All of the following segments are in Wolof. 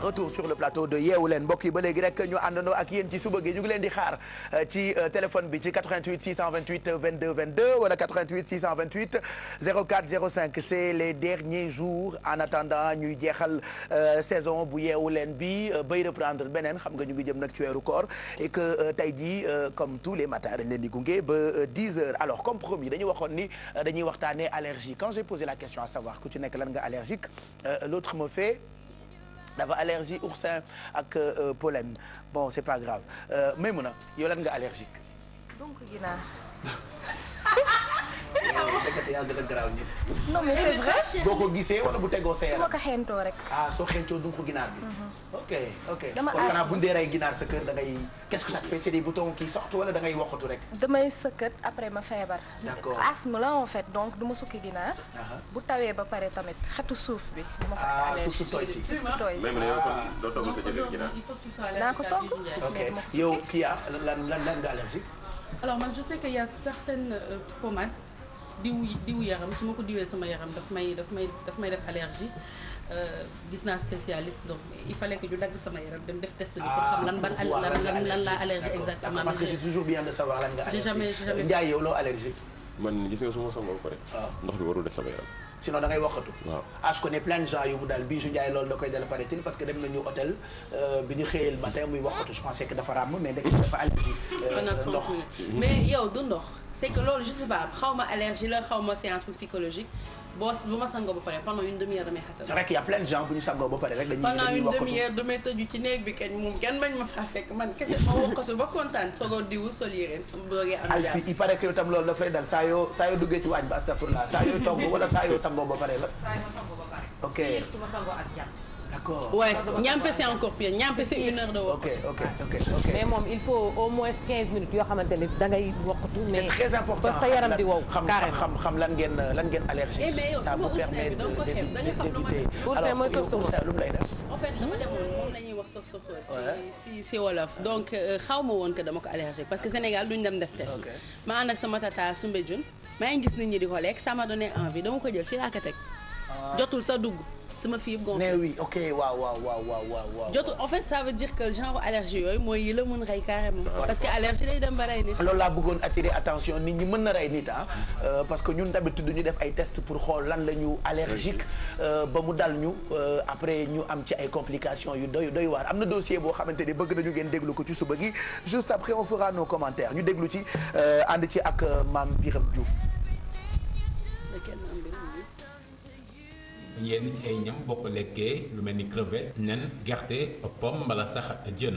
retour sur le plateau de yeewu leen mbokk yi ba léegi rek ñu àndandoo ak yéen ci suba gi ñu ngi leen di xaar euh, ci euh, téléphone bi ci 88 628 22 22 wala 88 628 04 05 c'est les derniers jours en attendant ñuy jeexal euh, saison bu yeewu leen bi bay reprendre beneen xam nga ñu ngi jëm nag ci weeru koor et que tey jii comme tous les matins dañ leen di gunge ba 10 heures alors comme promis dañu waxoon ni dañuy waxtaanee allergie quand j'ai posé la question à savoir ku ci nekk lan nga allergique l'autre me fait dafa allergie oursin ak euh, pollen bon c'est pas grave euh, Maimouna yow lan nga allergique donc non mais c'est vrai. boo ko gisee wala bu tegoo sa yaram. su ma ko xeentoo rek. Ah, soo xeentoo du ko ginaar bi. Mhm. ok ok bu ñu dee rey ginaar sa kër da ngay qu'est-ce que ça te fait c'est des boutons rek. damay sëkkat après ma feebar. d'accord asthme la en fait donc du ma sukki ginaar. bu tawee ba pare tamit xetu suuf bi. dama ko ah suuf su tooy si suuf su tooy si. même yow naa ko togg. ok yow Kia lan lan lan nga allergique. a diw diw yaram su ma ko diwee sama yaram daf may daf may daf may def allergie euh, gis naa spécialiste donc il fa lekk ñu dagg sama yaram dam def test bi pour xam lan ah, ban lan lan laa allergie exactement parce que c'est toujours bien de savoir lan nga allergie j'ai jamais j'ai yow loo allergique man gis nga su ma sangoo ko rek. Ah. ndox bi warul des sama yaram. sinon da waxatu. waaw ah je connais plein de yu mu daal bii su Ndiaye loolu da koy dal paraît-il parce que dem nañu hôtel euh, bi ñu xëyal matin muy waxatu je pensais que dafa ràmm mais ndekk dafa allergie. Euh, ndox mais yow du ndox. c'est loolu je sais xaw ma allergie la xaw ma c'est un truc psychologique. boo bu ma sangoo ba pare pendant une demi-heure damay xasal. c'est vrai qu'il y bu ñu sangoo ba pare rek dañuy pendant une demi tëju ci néeg bi kenn moom kenn bañ ma faa fekk man kese ma wokkatu ba kontaan soogoo diwu sol yére boogee am Alfi il paraît que yow tam loolu daf lay dal saa yoo saa yoo duggee ci waañ ba astafurlaa saa yoo togg wala saa yoo sangoo ba pare la. saa yoo sangoo ba ak jàmm d'accord ouais ñampe c'est encore pire ñampe c'est une heure de walk. mais moom il faut au moins 15 yoo xamante ne da ngay wokkatu. mais c'est sa yaram di wow. carrément xam xam lan ngeen lan la ñuy wax sox soxor. si si wolof. donc euh, xaw ma woon que dama ko allergique parce que Sénégal duñ dem def test. ma ànd ak sama tata Soumbédioune maa ngi gis nit ñi di ko lekk ça m'a envie dama ko jël fii laa ko ah. jotul sa dugg. sama fibre gonflée. mais oui ok waaw waaw waaw waaw waaw. jotul en fait ça veut dire que genre allergie yooyu mooy yi la mun rey carrément. Ah, parce que allergie day dem ba rey nit. loolu laa bëggoon attirer attention nit ñi mën na rey nit ah. Euh, parce que ñun d'habitude ñu def ay tests pour xool lan la ñu allergique euh, ba mu dal ñu euh, après ñu am ci ay complications yu doy doy waar am na dossier boo xamante ni bëgg nañu ngeen déglu ko ci suba gi juste après on fera déglu ci ànd ci ak Mame Birame Diouf. yenn ci ay ñam boo ko lekkee lu mel ni crevette nen gerte pomme mbala sax jën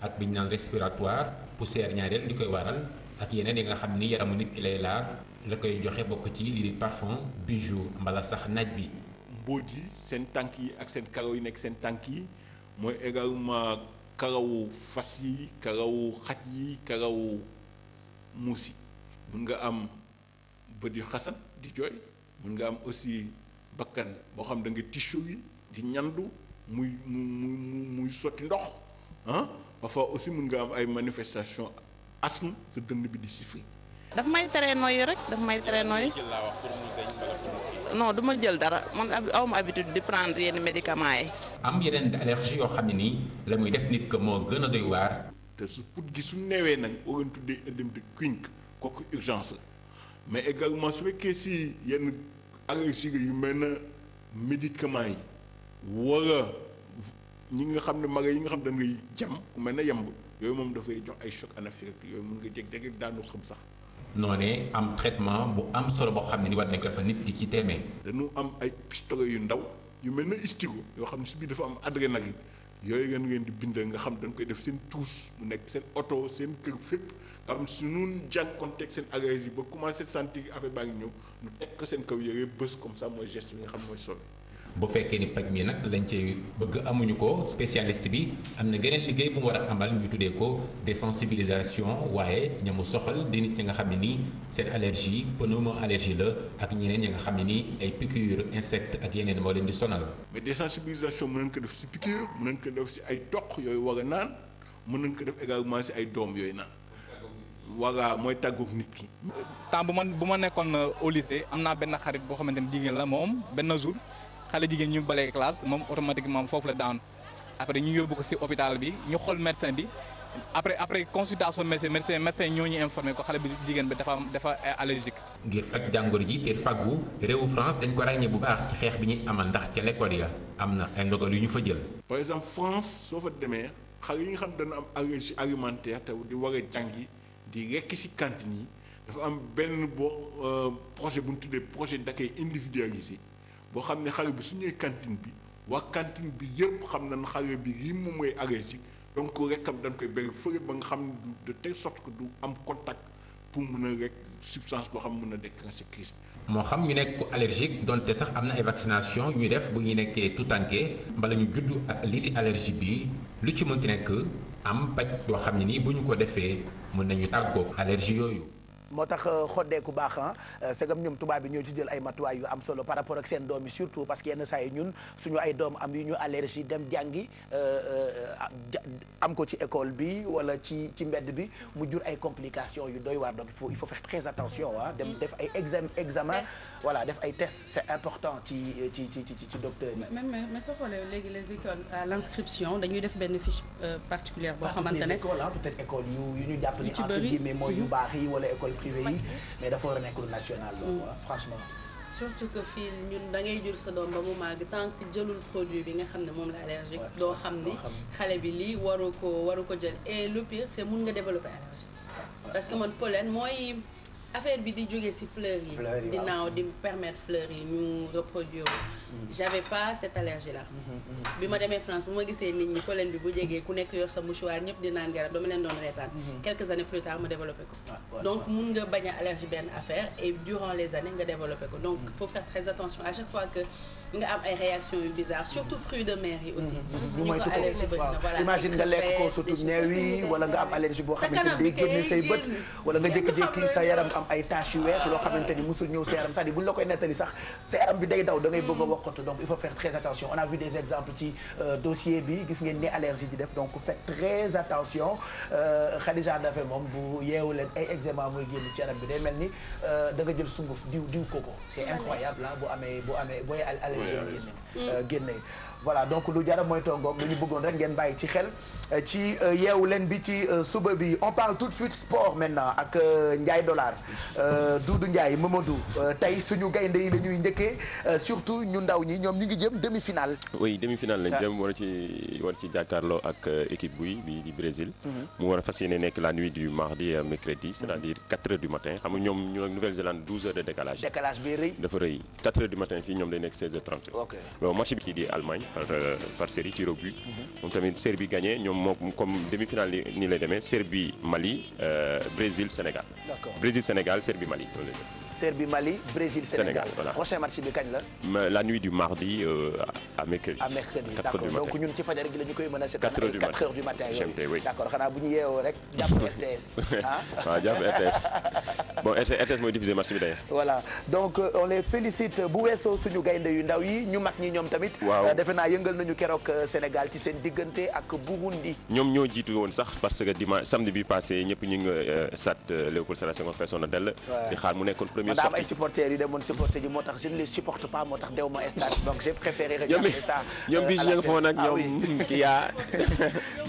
ak biñ naan respiratoire poussière ñaareel li koy waral ak yeneen yi nga xam ni yaramu nit ki lay laar la koy joxe bokk ci lii di parfum bijou mbala sax naaj bi. mbóot yi seen tànk yi ak seen karaw yi nekk seen tànk yi mooy également karawu fas yi karawu xaj yi karawu muus yi mun nga am bët yu xasan di jooy mun nga am aussi. bakkan boo xam da nga tissu yi di ñandu muy mu mu muy sotti ndox ah parfois aussi mun nga am ay manifestation asthme sa dënn bi di siffler. daf may tere nooyi rek daf may tere nooyi. no du jël dara man aw ma habitude di prendre yenn médicaments yi. am yeneen allergie yoo xam ne nii la muy def nit ko moo gën a doy waar. te su put gi su newee nag boo gën tuddee œdème de Quincke kooku urgence mais également su fekkee si yenn. agressif yu mel na médicament yi wala ñi nga xam ne mag yi nga xam ne dañ ngay jam ku mel na yemb yooyu moom dafay jox ay choc anaphylactique yooyu mun nga jeg jékki daanu xam sax. noonee am traitement bu am solo boo xam ne ni war nañ ko fa nit ki ci teemee. dañu am ay pistolet yu ndaw yu mel na istigo yoo xam ne si biir dafa am nag yi yooyu ngeen ngeen di bind nga xam dañ koy def seen tuus mu nekk seen oto seen kër fépp. am su nun jànkonteeg seen agrégé ba commencé sentir affaire baa ngi ñëw ñu teg ko seen kaw yëre bés comme ça mooy geste bi nga xam mooy solo. bu fekkee ni paj mi nag lañ cey bëgg amuñu ko spécialiste bi am na geneen liggéey bu mu war a amal ñu tuddee ko désensibilisation waaye ñamu soxal di nit ñi nga xam ne nii seen allergie pneumoallergie la ak ñeneen ñi nga xam ne nii ay piqûre insecte ak yeneen moo leen di sonal. mais désensibilisation mën nañ ko def si piqûre mën nañ def si ay toq yooyu war a naan mën nañ ko également si ay doom yooyu naan. voilà mooy tàggoog nit ki. temps bu ma bu ma nekkoon euh, au lycée am naa benn xarit boo xamante ni jigéen la moom benn jour xale jigéen ñu balee classe foofu la daan après ñu yóbbu ko si hôpital bi ñu xool médecin bi après après consultation médecin médecin médecin ñoo ñu informé ko xale bi jigéen bi dafa dafa allergique. ngir faj jàngoro ji te faggu réewu France dañ ko ràññee bu baax ci xeex bi ñuy amal ndax ca l'école ya am na ay ndogal yu ñu fa jël. par exemple France soo fa demee xale yi nga xam dana am allergie alimentaire te di war a jàngi di rekk ci cantine yi dafa am benn boo euh, projet bu ñu tuddee projet d'accueil individualisé boo xam ne xale bi su ñëwee cantine bi waa cantine bi yëpp xam nañ xale bi lii moom mooy allergique donc rekkam dañ koy bëri fële ba nga xam ne du de telle sorte du am contact pour mun a rek substance boo xam ne mun a déclencher crise moo xam ñu nekk ko allergique donte sax am na ay vaccination ñuy def bu ñu nekkee tuutànkee mbala ñu juddu ak lii di allergie bi lu ci mënti nekk am paj yoo xam ne nii bu ñu ko defee mën nañu tàggoog allergie yooyu moo tax euh, xoddeeku baax ah euh, segam ñoom tubaab bi ñoo ci jël ay matuwaay yu am solo par rapport ak seen doom yi surtout parce que yenn saa yi ñun suñu ay doom am yu ñu allergie dem jàngi euh, ah, am ko ci école bi wala ci ci mbedd bi mu jur ay complications yu doy waar donc il faut il faut faire très attention ah dem def ay exam examen voilà def ay test c'est important ci ci ci ci ci docteur yi. mais mais mais soo xoolee léegi les écoles à l'inscription dañuy def benn fiche particulière boo xamante ne. école peut école yu yu ñu jàpp ne entre guillemets mooy yu mhm. baax yi wala école privé yi mais dafa war a nekk national loolu mm. franchement surtout que fii ñun da ngay jur sa doom ba mu màgg tant que jëlul produit bi nga xam ne moom la allergique doo xam ni xale bi lii waru ko waru ko jël e le pire c'est mun nga développer allergie parce que man pollen mooy affaire bi di jógee ci fleurs yi. fleurs yi di naaw di permettre fleurs yi ñu reproduire mm-hmm. j'avais pas cette allergie là. Mm-hmm, mm-hmm. bi ma demee France bu ma gisee nit ñi pollen bi bu jegee ku nekk yor sa mouchoir ñëpp di naan garab dama leen doon reetaan. quelques années plus tard ma développé ko. Ah, donc mun nga bañ a allergie benn affaire et durant les années nga développé ko. donc il faut très attention à chaque fois que. nga am ay réaction yu bizarre surtout de mer mm-hmm. aussi ñu mm-hmm. moytu ko waaw imagine nga wala nga am allergie boo xamante ni day génne say bët wala nga jékki-jékki sa yaram am ay taches loo xamante ni musul ñëw sa yaram c'est-à-dire buñ la sax sa yaram bi day daw da ngay bëgg a mm. waxatu donc il faut faire très attention on a vu des exemples ci euh, dossier bi gis ngeen ne allergie di def donc faites très attention euh, Khadija Dafe moom bu yeewu leen ay mooy génn ci yaram bi day mel ni euh, da nga jël sunguf diw diw koko c'est incroyable la bu amee bu amee booy allergie Mm. Euh, génne génne voilà donc lu jara mooy tongoog lu ñu bëggoon rek ngeen bàyyi ci xel euh, ci euh, yeewu leen bi ci suba bi on parle tout de suite sport maintenant ak Ndiaye Dollar Doudou Ndiaye Mamadou tey suñu gaynde yi la njëkkee surtout ñu ndaw ñi ñoom ñu ngi jëm demi-finale. Ah. war ci war ak équipe buy bi di Brésil. Mhm. mu war a fas yéene nekk la nuit du mardi mercredi c'est-à-dire 4 mhm. heures du matin xam ñoom ñu Nouvelle-Zélande 12 heures de décalage. décalage bi rëy dafa 30 bon match bi di Allemagne par euh, par série tir au mhm. moom tamit Serbie gagné ñoom moom comme demi-finale nii lay demee Serbie Mali euh, Brésil Sénégal Brésil Sénégal Serbie Mali sœur bi Mali Brésil Sénégal. Sénégal voilà. prochain match bi kañ la. la nuit du mardi euh, à mercredi. donc ñun ci fajar gi la ñu koy mën a seetaan ay 4 heures du matin d'accord xanaa bu ñu yeewoo rek jàpp ah. Ah, RTS bon RTS mooy diffuser match bi d'ailleurs. voilà donc euh, on les félicite bu weesoo suñu gaynde yu ndaw yi ñu mag ñi ñoom tamit. waaw euh, defe naa yëngal nañu keroog Sénégal ci seen diggante ak Burundi. ñoom ñoo jiitu woon sax parce que dimanche samedi bi passé ñëpp ñu ngi sat Léopold Sédar Senghor première sortie. ma ay supporters yu demoon supporter ji moo tax je ne les supporte pas moo tax dew ma stade donc j'ai euh, koo ah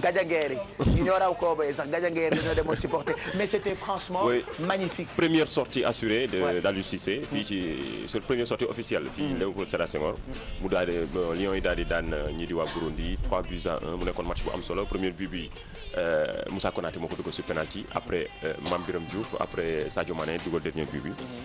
sax gajangeer yi ñoo demoon supporter mais c'était franchement magnifique. première sortie assurée de d'Aliou Cissé fii ci mm. sur première sortie officielle. fii mm. Léopold Sédar Senghor. mu daal di yi daal di daan ñii di waa Burundi 3 buts à 1 mu nekkoon match bu am solo premier but bi euh, Moussa Konaté moo ko dugal sur penalty après euh, Mame Biram Diouf après Sadio Mané dugal dernier but bi. Mm-hmm.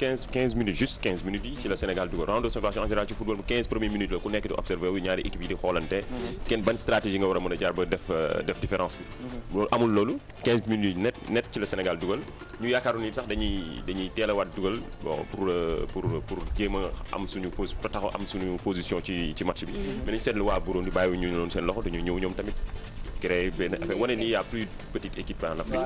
15 15 minutes juste 15 minutes yi ci la Sénégal dugal round de observation en général ci football bu 15 premières minutes la ku nekk di observé wu ñaari équipe yi di xoolante. Mhm. kenn ban stratégie nga war a mën a jaar ba def euh, différence bi. Mhm. loolu amul loolu 15 minutes net net ci la Sénégal dugal ñu yaakaaroon ni sax dañuy dañuy dugal euh, pour pour pour am suñu position ci ci match bi. Mhm. mais nañu seetlu waa Burundi bàyyiwuñu noonu seen loxo dañuy ñëw ñoom tamit. créer benn affaire wane ni y' a plus petite équipe en Afrique.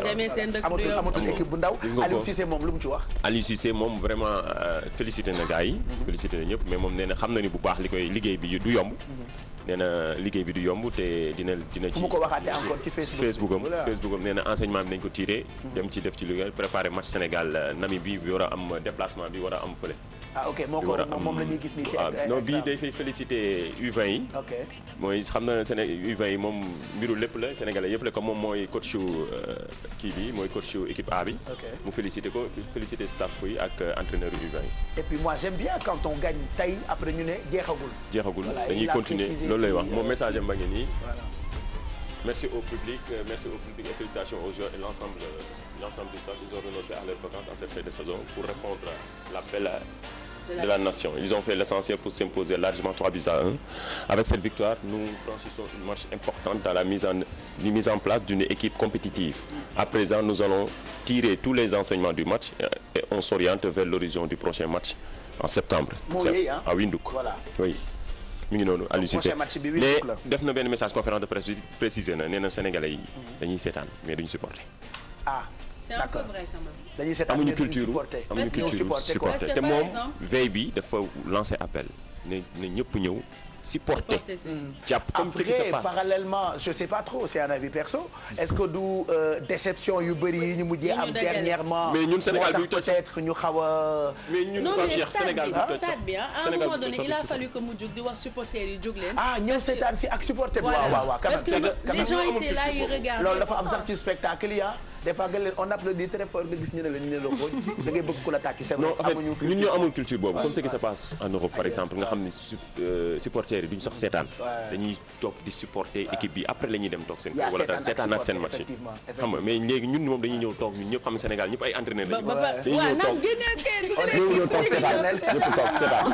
amatul équipe bu ndaw. Aliou Cissé moom lu mu ci wax. Aliou Cissé moom vraiment euh, félicité na gars yi. Mhm. félicité na ñëpp mais moom nee na xam na ni bu baax li koy liggéey bi du yomb. Mhm. nee na liggéey bi du yomb te dina dina ci. mu ko waxaatee encore ci Facebook Facebook am Facebook am nee na enseignement bi nañ ko tiré. Mhm. dem ci def ci liggéey préparer match Sénégal euh, Namibie bi war a am déplacement bi war a am fële. ah ok moo moom la ñuy gis ni ci ah, non bii day fay U20 yi. ok mooy xam na Séné u yi moom mbiru lépp la Sénégalais yëpp la comme moom mooy coach euh, kii bi mooy coach équipe A bi. mu félicité ko félicité staff yi ak euh, entraîneur U20 yi. et puis moi j'aime bien quand on gagne tey après ñu ne jeexagul. jeexagul dañuy continuer loolu lay wax moom euh, message am ba nii. merci au public merci au public et félicitations aux joueurs et l'ensemble l'ensemble du staff ils ont renoncé à leurs vacances en cette fin de saison pour répondre à l'appel de la nation. Ils ont fait l'essentiel pour s'imposer largement à Avec cette victoire, nous franchissons une marche importante dans la mise en, la mise en place d'une équipe compétitive. À présent, nous allons tirer tous les enseignements du match et on s'oriente vers l'horizon du prochain match en septembre. à Windhoek. Voilà. Oui. mu ngi noonu Aliou Cissé mais na benn message conférence de presse bi précisé na nee na sénégalais yi. mais duñu supporter. ah c'est un dañuy seetaan amuñu culture culture supporter te moom veille bi dafa lancé appel ne ne ñëpp ñëw supporter mm. jàpp comme ce qui se passe parallèlement je sais pas trop c'est un avis perso mm. est que du euh, déception yu bëri yi ñu mujjee am dernièrement mais ñun Sénégal peut-être ñu xaw a mais ñun Sénégal bi stade bi ah, à un moment donné il a fallu que mu jóg di wax supporter yi jóg leen ah ñëw seetaan si ak supporter bi waaw waaw waaw parce que les gens étaient là ils regardaient loolu dafa am sax ci spectacle ah. des fois nga leen on applaudit très fort nga gis ñu ne la ñu ne la ko da ngay bëgg ku la tàcc c'est vrai amuñu culture ñun ñoo amul culture boobu comme ce qui se passe en Europe par exemple nga xam ne supporters yi duñu sax seetaan dañuy toog di supporter équipe bi après la ñuy dem toog seen wala daal seetaanaat seen match xam nga mais léegi ñun moom dañuy ñëw toog ñëpp xam Sénégal ñëpp ay entraîneur lañu dañuy ñëw toog ñëpp toog seetaan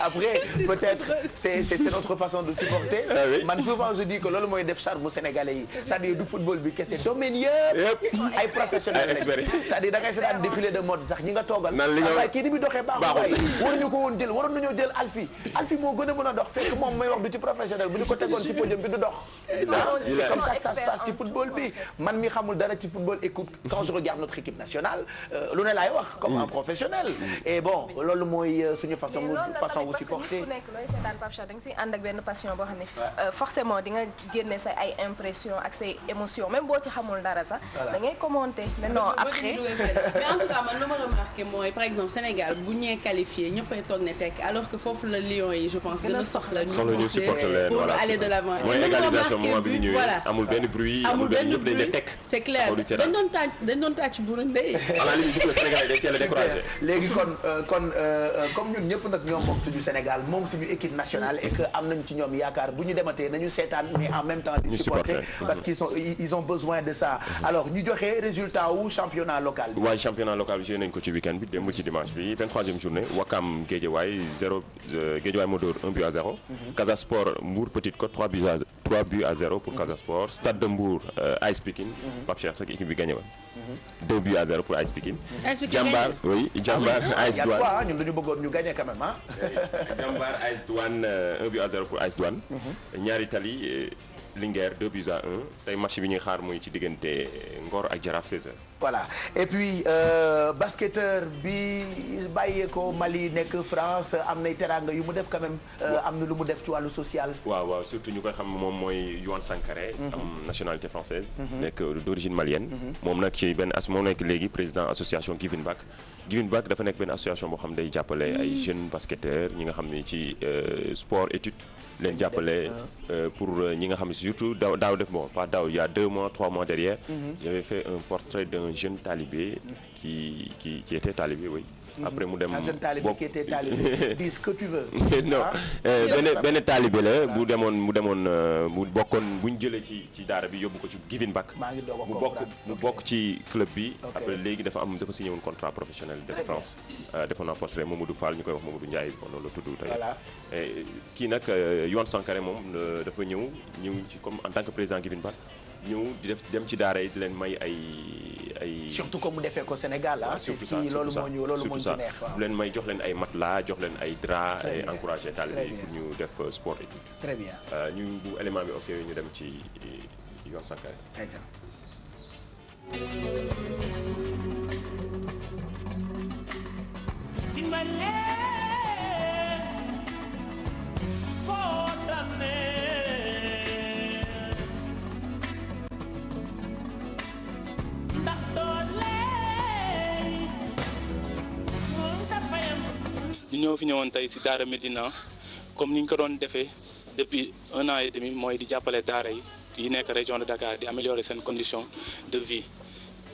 après peut-être c'est c'est notre façon de supporter ah man souvent je dis que loolu mooy def charme sénégalais yi c'est-à-dire football bi kese domaine yëpp ay professionnels lañ c'est-à-dire da ngay de mode sax ñi nga toogal waaye kii ni muy doxee baaxul waaye waruñu ko woon jël waroon nañoo jël Alfi Alfi moo gën a mën a dox fekk moom may wax du ci professionnel bu ñu ko tegoon ci podium bi du dox c'est comme ça que ça se passe ci football bi man mi xamul dara ci football écoute quand je regarde notre équipe nationale euh, lu ne laay wax comme un mm. professionnel et bon loolu mooy euh, suñu wu supporter parce que nit ku nekk looy seetaan Pape ànd ak benn passion boo xam ne euh, forcément di nga génne say ay impression ak say émotion même boo ci xamul dara sax da ngay commenter mais non après mais en tout cas man lu ma remarqué mooy par exemple Sénégal bu tekk alors que foofu la lion yi je pense gën a soxla ñu pour aller de l'avant mooy égalisation moment bi ñu ñëwee amul c'est clair dañ doon tàcc dañ doon tàcc Burundi à la léegi kon euh, kon euh, comme ñun ñëpp nag ñoom moom suñu Sénégal moom suñu équipe nationale et que am nañ ci ñoom yaakaar bu ñu dematee nañu seetaan mais en même temps di supporter parce qu'ils ont besoin de ça mhm. alors ñu joxe résultat wu championnat local bi waaye championnat local bi joué ko ci week bi démb ci dimanche bi 23e journée Wakam Guédiawaye 0 euh, Guédiawaye moo dóor 1 but à 0 mhm. Casa Sport Mbour Petite Côte 3 buts à 3 pour mhm. Casa Sport Stade de Mbour euh, AS Pikine Pape Cheikh sax équipe bi gagné deux buts à zéro pour AS Pikine. AS Pikine Jambar oui Jambar AS ah Douane ñun dañu bëggoon ñu gagné quand même ah. Jambar AS Douane euh, un but à zéro pour AS Douane. Mm-hmm. ñaari euh, Linguère 2 buts à 1 tey match bi ñuy xaar mooy ci diggante Ngor ak Jaraaf 16h. voilà et puis euh, basketteur bi bàyyeekoo Mali nekk France am nay teraanga yu mu def quand même. Euh, am na lu mu def ci wàllu social. waaw waaw surtout ñu koy xam moom mooy Yohan Sankaré. Mhm. am nationalité française. Mhm. nekk d' origine malienne. Mhm. moom nag ci benn as moom nekk léegi président association Giving Back Giving Back dafa nekk benn association boo xam day jàppale ay jeunes basketteurs ñi nga xam ne ci euh, sport étude. leen jàppale euh, pour euh, ñi nga xam ne surtout daaw daaw def bon pas daaw il deux mois trois mois derrière. Mhm. j'avais fait un portrait d'un jeune talibé. Mhm. qui qui qui était talibé oui. après mu dem bopp dis ce que tu veux. non euh, benn benn taalibe la bu demoon mu demoon euh, mu bokkoon bu ñu jëlee ci ci daara bi yóbbu ko ci Giving Back. mu bokk mu bokk ci club bi. après léegi dafa am dafa signé woon contrat professionnel de France. Euh, defoon naa portrait Mamadou Fall ñu koy wax Mamadou Ndiaye noonu la tudd tey. kii nag Yohan Sankare moom dafa ñëw ñëw ci comme en tant que président Giving Back. ñëw di def dem ci daara yi leen may ay ay. surtout comme mu defee ko Sénégal ah. surtout ça loolu moo ñu loolu moo ñu leen may jox leen ay matelas jox leen ay drap. ay encouragé taalibe yi ñu def euh, sport étude. très bien euh, ñu bu élément bi ok ñu dem ci yoon Sankare. dimbalee ko oh, ñëw fi ñëwoon tey si Daara Medina comme ni ñu ko doon defee depuis un an et demi mooy di jàppale Daara yi yi nekk région de Dakar di améliorer seen condition de vie.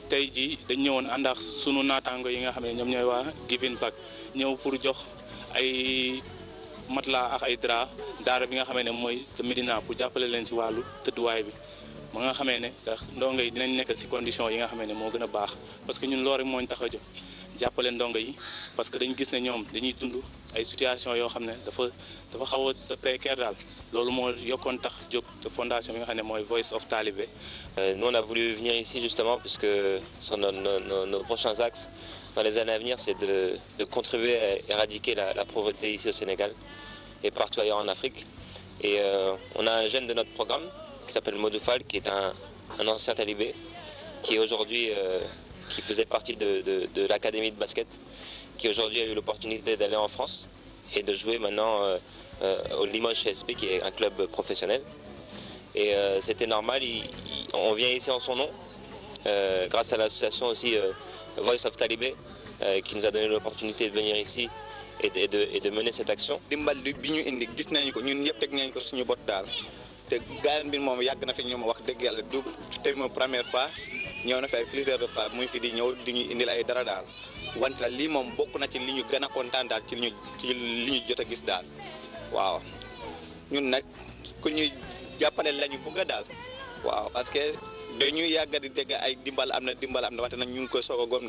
tey jii dañ ñëwoon ànd ak sunu naataango yi nga xam ne ñoom ñooy waa Giving Back ñëw pour jox ay matelas ak ay draps Daara bi nga xam ne mooy te Medina pour jàppale leen si wàllu tëdduwaay bi. ma nga xamee ne tax ndongo yi dinañ nekk si condition yi nga xamee ne moo gën a baax parce que ñun loolu rek moo tax a jóg jàppale ndongo yi parce que dañu gis ne ñoom dañuy dund ay situation yoo xam ne dafa dafa xaw a daal loolu moo yokkoon tax jóg te fondation bi nga xam ne mooy Voice of Talibé. Euh, nous on a voulu venir ici justement puisque sur nos prochains axes dans les années à venir c'est de de contribuer à éradiquer la la ici au Sénégal et partout en Afrique et euh, on a un jeune de notre programme qui s'appelle Modou qui est un un qui faisait partie de, de, de l'académie de basket, qui aujourd'hui a eu l'opportunité d'aller en France et de jouer maintenant euh, euh, au Limoges CSP, qui est un club professionnel. Et euh, c'était normal, il, il, on vient ici en son nom, euh, grâce à l'association aussi euh, Voice of Talibé, euh, qui nous a donné l'opportunité de venir ici et de, et de, et de mener cette action. te gaayan bi moom yàgg na fi ñu ma wax dëgg yàlla du tey ma première fois ñëw na fi ay plusieurs fois muy fi di ñëw di ñu indil ay dara daal wante nag lii moom bokk na ci li ñu gën a kontaan daal ci li ñu ci li jot a gis daal waaw ñun nag ku ñuy jàppale la ñu daal waaw parce que dañuy yàgg di dégg ay dimbal am na dimbal am na wante nag ñu ngi koy soog a gom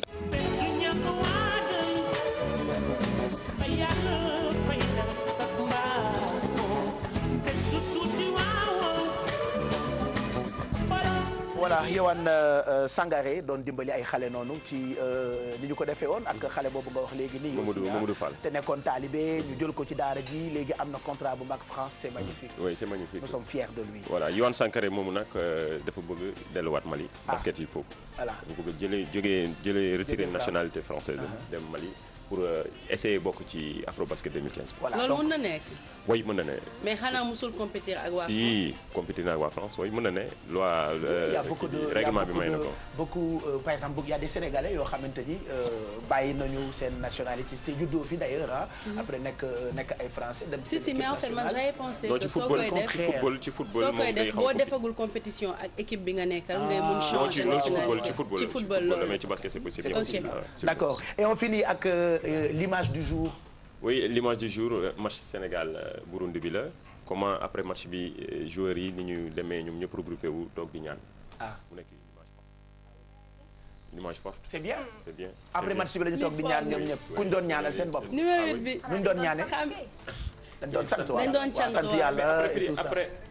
Cheikh Yowane euh, Sangaré doon dimbali ay xale noonu ci euh, ni ñu ko defee woon ak xale boobu nga wax léegi nii du faal te nekkoon taalibe ñu jël ko ci daara ji léegi am na contrat bu mag France c'est mm-hmm. magnifique oui c'est magnifique nous sommes fiers de lui voilà Yowane Sangaré moomu nag euh, dafa bëgg delluwaat Mali ah. basket yi foofu voilà bu bëgg jëlee jógee jëlee retiré nationalité française uh-huh. dem Mali pour euh, essayer bokk ci Afrobasket 2015. voilà loolu mën na nekk. way mën na ne. mais xanaa musul compétir ak waa France si compétir na ne. loi euh, règlement bi may na ko. beaucoup euh, par a des sénégalais yoo ah. mm-hmm. nekk ay français si si mais en fait man j'avais pensé que soo koy def ci football ci football a. boo defagul compétition ak équipe bi nga nekkal ah. ngay mun changer nationalité ci football loolu ci football loolu mais ci basket c'est possible. ok ah, d'accord et on finit ak. Euh, l'image du jour. oui l'image du jour euh, match Sénégal euh, Burundi bi la comment après match bi joueurs yi ni ñu demee ñoom ñëpp regroupé wu toog di ñaan. ah mu nekk l'image forte. c'est bien c'est bien. après match bi la ñu toog di ñaan ñoom ñëpp kuñ doon ñaanal seen bopp. numéro 8 ah, nuñ doon ñaanee. Ah, dañ doon sant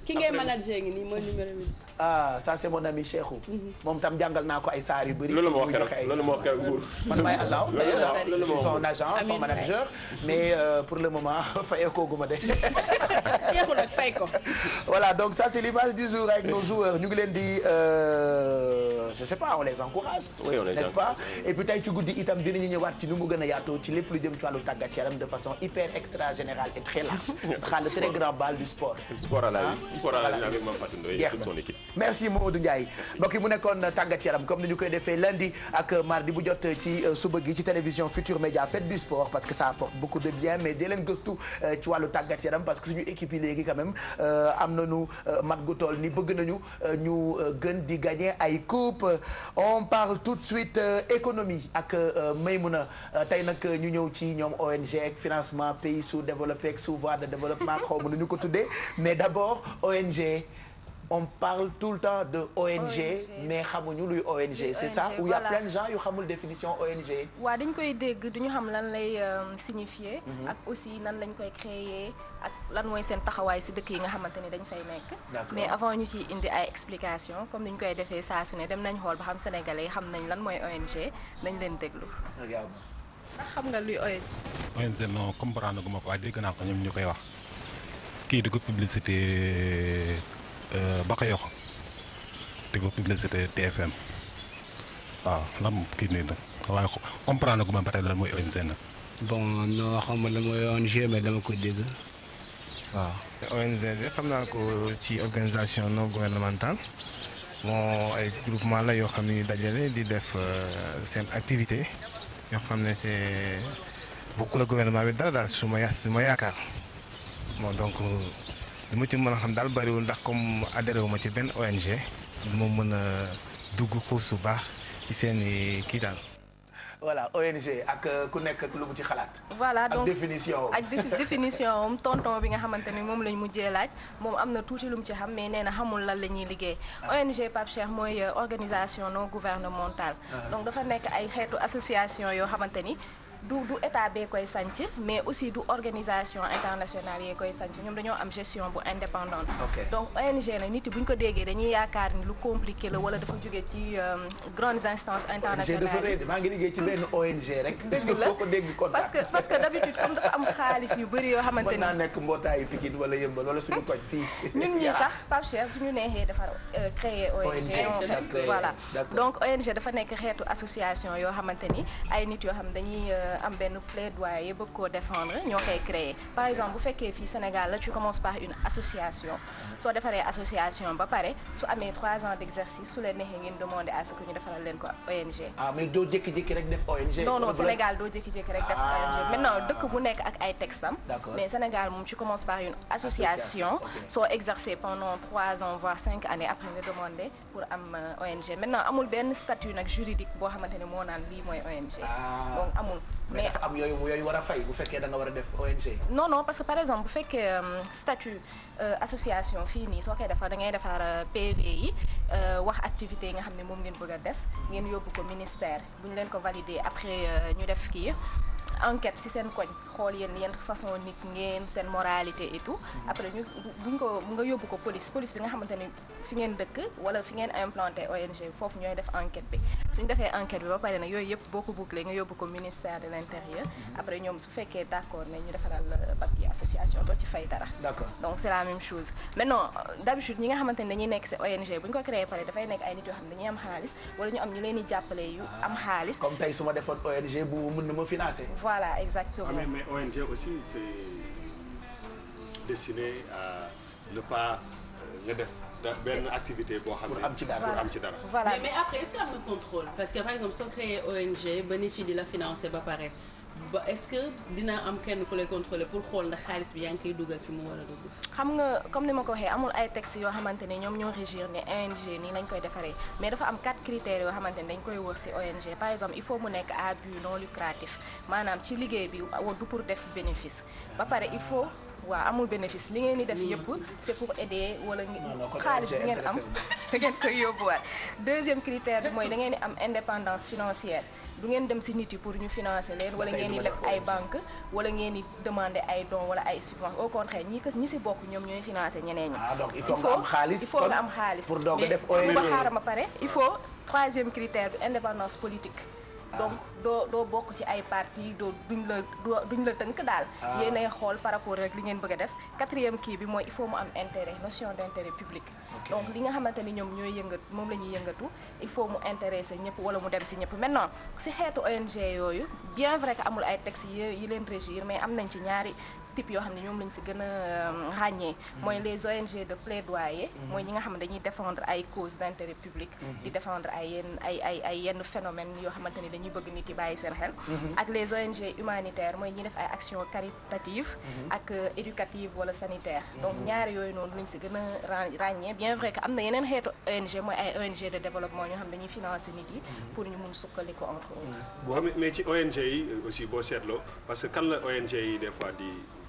ki ngay manager ngi nii mooy numéro 8. ah ça c'est mon ami Cheikhou. Mhm. moom tam jàngal naa ko ay saar yu bëri. loolu moo keroog loolu moo keroog buur. man maay a je suis son agent son manager. mais euh, pour le moment fayee ko guma de. Cheikhou nag fay ko. voilà donc ça c'est l'image du ñu ngi leen di euh, je sais pas on les encourage. oui on les encourage n'est-ce pas et puis tey ci guddi itam dinañu ñëwaat ci nu mu gën a yaatoo ci lépp lu jëm ci wàllu tàggat yaram de façon hyper extra générale et très large. ce sera le très grand bal du sport. sport à la ah, vie sport à merci Mamadou du mbokk yi mu nekkoon tàggat yaram comme ni ñu koy defee lundi ak mardi bu jot ci euh, suba gi ci télévision Futur Média faites du sport parce que ça apporte beaucoup de bien mais dee leen gëstu euh, ci wàllu tàggat yaram parce que suñu équipe yi léegi quand même euh, am nañu mat gu tool ni bëgg nañu ñu gën di gagner ay coupe on parle tout de suite économie ak may mun a tey nag ñu ñëw ci ñoom ONG ak financement pays su développé ak sous voie de développement xaw ma nu ñu ko tuddee mais d'abord ONG on parle tout le temps de ONG. mais xamuñu luy ONG. c'est ça où y a plein yu xamul définition ONG. waa dañ koy dégg duñu xam lan lay euh, signifier. Mhm. ak aussi nan lañ koy créer ak lan mooy seen taxawaay si dëkk yi nga xamante ni dañ fay nekk. mais avant ñu ciy indi ay explications comme ni koy defee saa su ne dem nañ xool ba xam sénégalais xam nañ lan mooy ONG dañ leen déglu. ndax xam nga luy ONG. ONG non comprendre gu ma ko waaye dégg naa ko ñoom ñu koy wax kii di Euh, Bakayoko te ko publicité TFM waaw kii nii nag waaye comprendre la ma ba tey lan mooy ONG nag. bon non xam nga lan mooy ONG mais dama ko dégg waaw. ONG bi xam naa ko ci organisation non gouvernementale bon ay groupement la yoo xam ne dajale di def euh, seen activité yoo xam ne c'est bokkul la bi dara daal su ma yaakaar bon donc. li ma ci mën a xam daal bariwul ndax comme adhéré wu ma ci benn ONG du ma mën a dugg xuus su baax ci seeni kii daal. voilà ONG ak euh, ku nekk ak lu mu ci xalaat. voilà donc ak définition ak définition am tonton bi nga xamante ni moom lañ mujjee laaj moom am na tuuti lu mu ci xam mais nee na xamul lan la ñuy liggéey. Ah. ONG Pape Cheikh mooy euh, organisation non gouvernementale. Ah. donc dafa nekk ay xeetu association yoo xamante ni. du du état bee koy sanc mais aussi du organisation internationale yee koy sanc ñoom dañoo am gestion bu indépendante donc ONG nag nit yi bu ñu ko déggee dañuy yaakaar ni lu compliqué la wala dafa jóge ci euh, grandes instances internationales maa ngi liggéey ci benn hmm. ONG rek dëgg la ko dégg parce que parce que d'habitude comme dafa am xaalis yu bëri yoo xamante ni mën naa nekk mbootaayu Pikine wala yëmbal wala suñu koñ fii ñun ñi sax Pape Cheikh suñu neexee dafa euh, créer ONG voilà donc ONG dafa nekk xeetu association yoo xamante ni ay nit yoo xam dañuy euh, Euh, am benn plaidoyer bëgg koo défendre ñoo koy créer par exemple bu fekkee fii Sénégal la tu commences par une association soo defaree association ba pare su amee trois ans d' exercice su leen neexee ngeen demander à ce que ñu defaral leen ko ONG. Ah, mais doo jékki-jékki rek def ONG. non non Sénégal doo jékki-jékki rek def ONG. Ah. dëkk bu nekk ak ay textam mais Sénégal moom ci commences par une association. soo exercer pendant trois ans voire cinq années après nga demander pour am euh, ONG maintenant amul benn statut nag juridique boo xamante ne moo naan lii mooy ONG. Ah. donc amul. mais dafa am yooyu yooyu war fay bu fekkee da nga war a def ONG. non non parce que par exemple bu fekkee euh, statut euh, association fii nii soo koy defar dangay ngay defar euh, PV yi wax activités yi nga xam ne moom ngeen bëgg a def ngeen yóbbu ko ministère bu ñu leen ko valider après ñu def kii. enquête si seen koñ xool yéen yéen façon nit ngeen seen moralité et tout mhm. après ñu buñ ko nga yóbbu ko police police bi nga xamante ni fi ngeen dëkk wala fi ngeen implanté ONG foofu ñooy def enquête bi suñu defee enquête bi ba pare yooyu yëpp boo ko bouclé yóbbu ko ministère de l'intérieur mhm. après ñoom su fekkee d'accord ne ñu defaral euh, papier association doo ci fay dara donc c'est la même chose maintenant euh, d'habitude ñi nga xamante ni dañuy nekk ci ONG bu ñu ko créé pare dafay nekk ay nit yoo xam ne dañuy am xaalis wala ñu am ñu leen di jàppale yu am xaalis comme tey su defoon ONG bu mën na ma financer Voilà, exactement. Ah, mais, ONG aussi, c'est destiné à ne pas euh, nga def benn activité boo xam ne am ci dara am ci dara. voilà mais mais après est-ce que am nga contrôle parce que par exemple ONG ba nit yi di la financer ba pare. ba est-ce que dina am kenn ku lay contrôler pour xool ndax xaalis bi yaa ngi koy dugal fi mu war a dugg. xam nga comme ni ma ko waxee amul ay textes yoo xamante ne ñoom ñoo régir ne ONG nii lañ koy defaree mais dafa am quatre critères yoo xamante ne dañ koy wër ci ONG par exemple il faut mu nekk à but non lucratif maanaam ci liggéey bi du pour def bénéfice ba pare il faut. waaw amul bénéfice li ngeen di def yëpp c'est pour aider wala xaalis bi ngeen am da ngeen koy yóbbuwaat deuxième critère bi mooy da ngeen di am indépendance financière du ngeen dem si nit yi pour ñu financer leen wala ngeen di leb ay banque wala ngeen di demande ay don wala ay subventions o contraire ñi kës ñi si bokk ñoom ñooy financer ñeneen ñi. ah donc il faut nga am xaalis il faut nga am xaalis pour doog def xaaral ma pare il faut troisième critère bi indépendance politique donc doo doo bokk ci ay parti doo ñu la duñ la tënk daal ah. yéenay xool par rapport rek li ngeen bëgg a def quatrième kii bi mooy il faut mu am intérêt notion d' intérêt public donc li nga xamante ni ñoom ñooy yëngatu moom la ñuy yëngatu il faut mu intéressé ñëpp wala mu dem si ñëpp maintenant si xeetu ONG yooyu bien vrai que amul ay textes yi leen régir mais am nañ ci ñaari type yoo xam ne ñoom lañ si gën a euh, ràññee mooy mm-hmm. les ONG de plaidoyer mm-hmm. mooy ñi nga xam ne dañuy défendre ay causes d'intérêt public mm-hmm. di défendre ay yenn ay ay yenn phénomène yoo xamante ni dañuy bëgg nit yi bàyyi seen xel ak les ONG humanitaires mooy ñi def ay actions caritatives ak euh, éducatives wala sanitaires donc ñaar yooyu noonu lañ si gën a ràññee bien vrai que am na yeneen xeetu ONG mooy ay ONG de développement ñoo xam dañuy financer nit yi pour ñu mun sukkaliku entre autres mais ci ONG boo seetloo parce que kan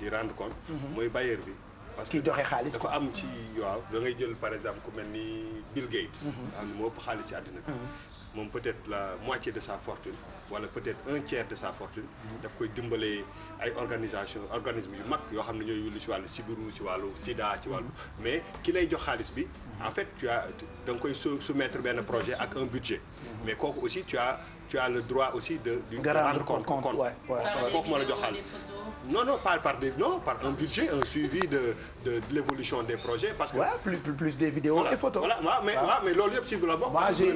di rendre compte. Mhm. mooy bailleur bi. parce que joxe xaalis dafa am ci waaw. ngay jël par exemple ku mel ni Bill Gates. Mhm. nga xam ne moo ëpp xaalis ci àddina bi. Mhm. moom peut-être la moitié de sa fortune wala peut-être un tiers de sa fortune daf koy dimbale ay organisation organisme yu mag yoo xam ne ñoo yullu ci wàllu sibiru ci wàllu sida ci wàllu mais ki lay jox xaalis bi en fait tu as koy nga koy soumettre benn projet ak un budget mais kooku aussi tu as tu as le droit aussi de rendre compte compte kooku moo la jox xaalis non non par par des non par un budget un suivi de de, de l'évolution des projets. parce que ouais, plus plus plus des vidéos voilà, et photos. voilà waaw mais waaw mais loolu yëpp ci la bokk.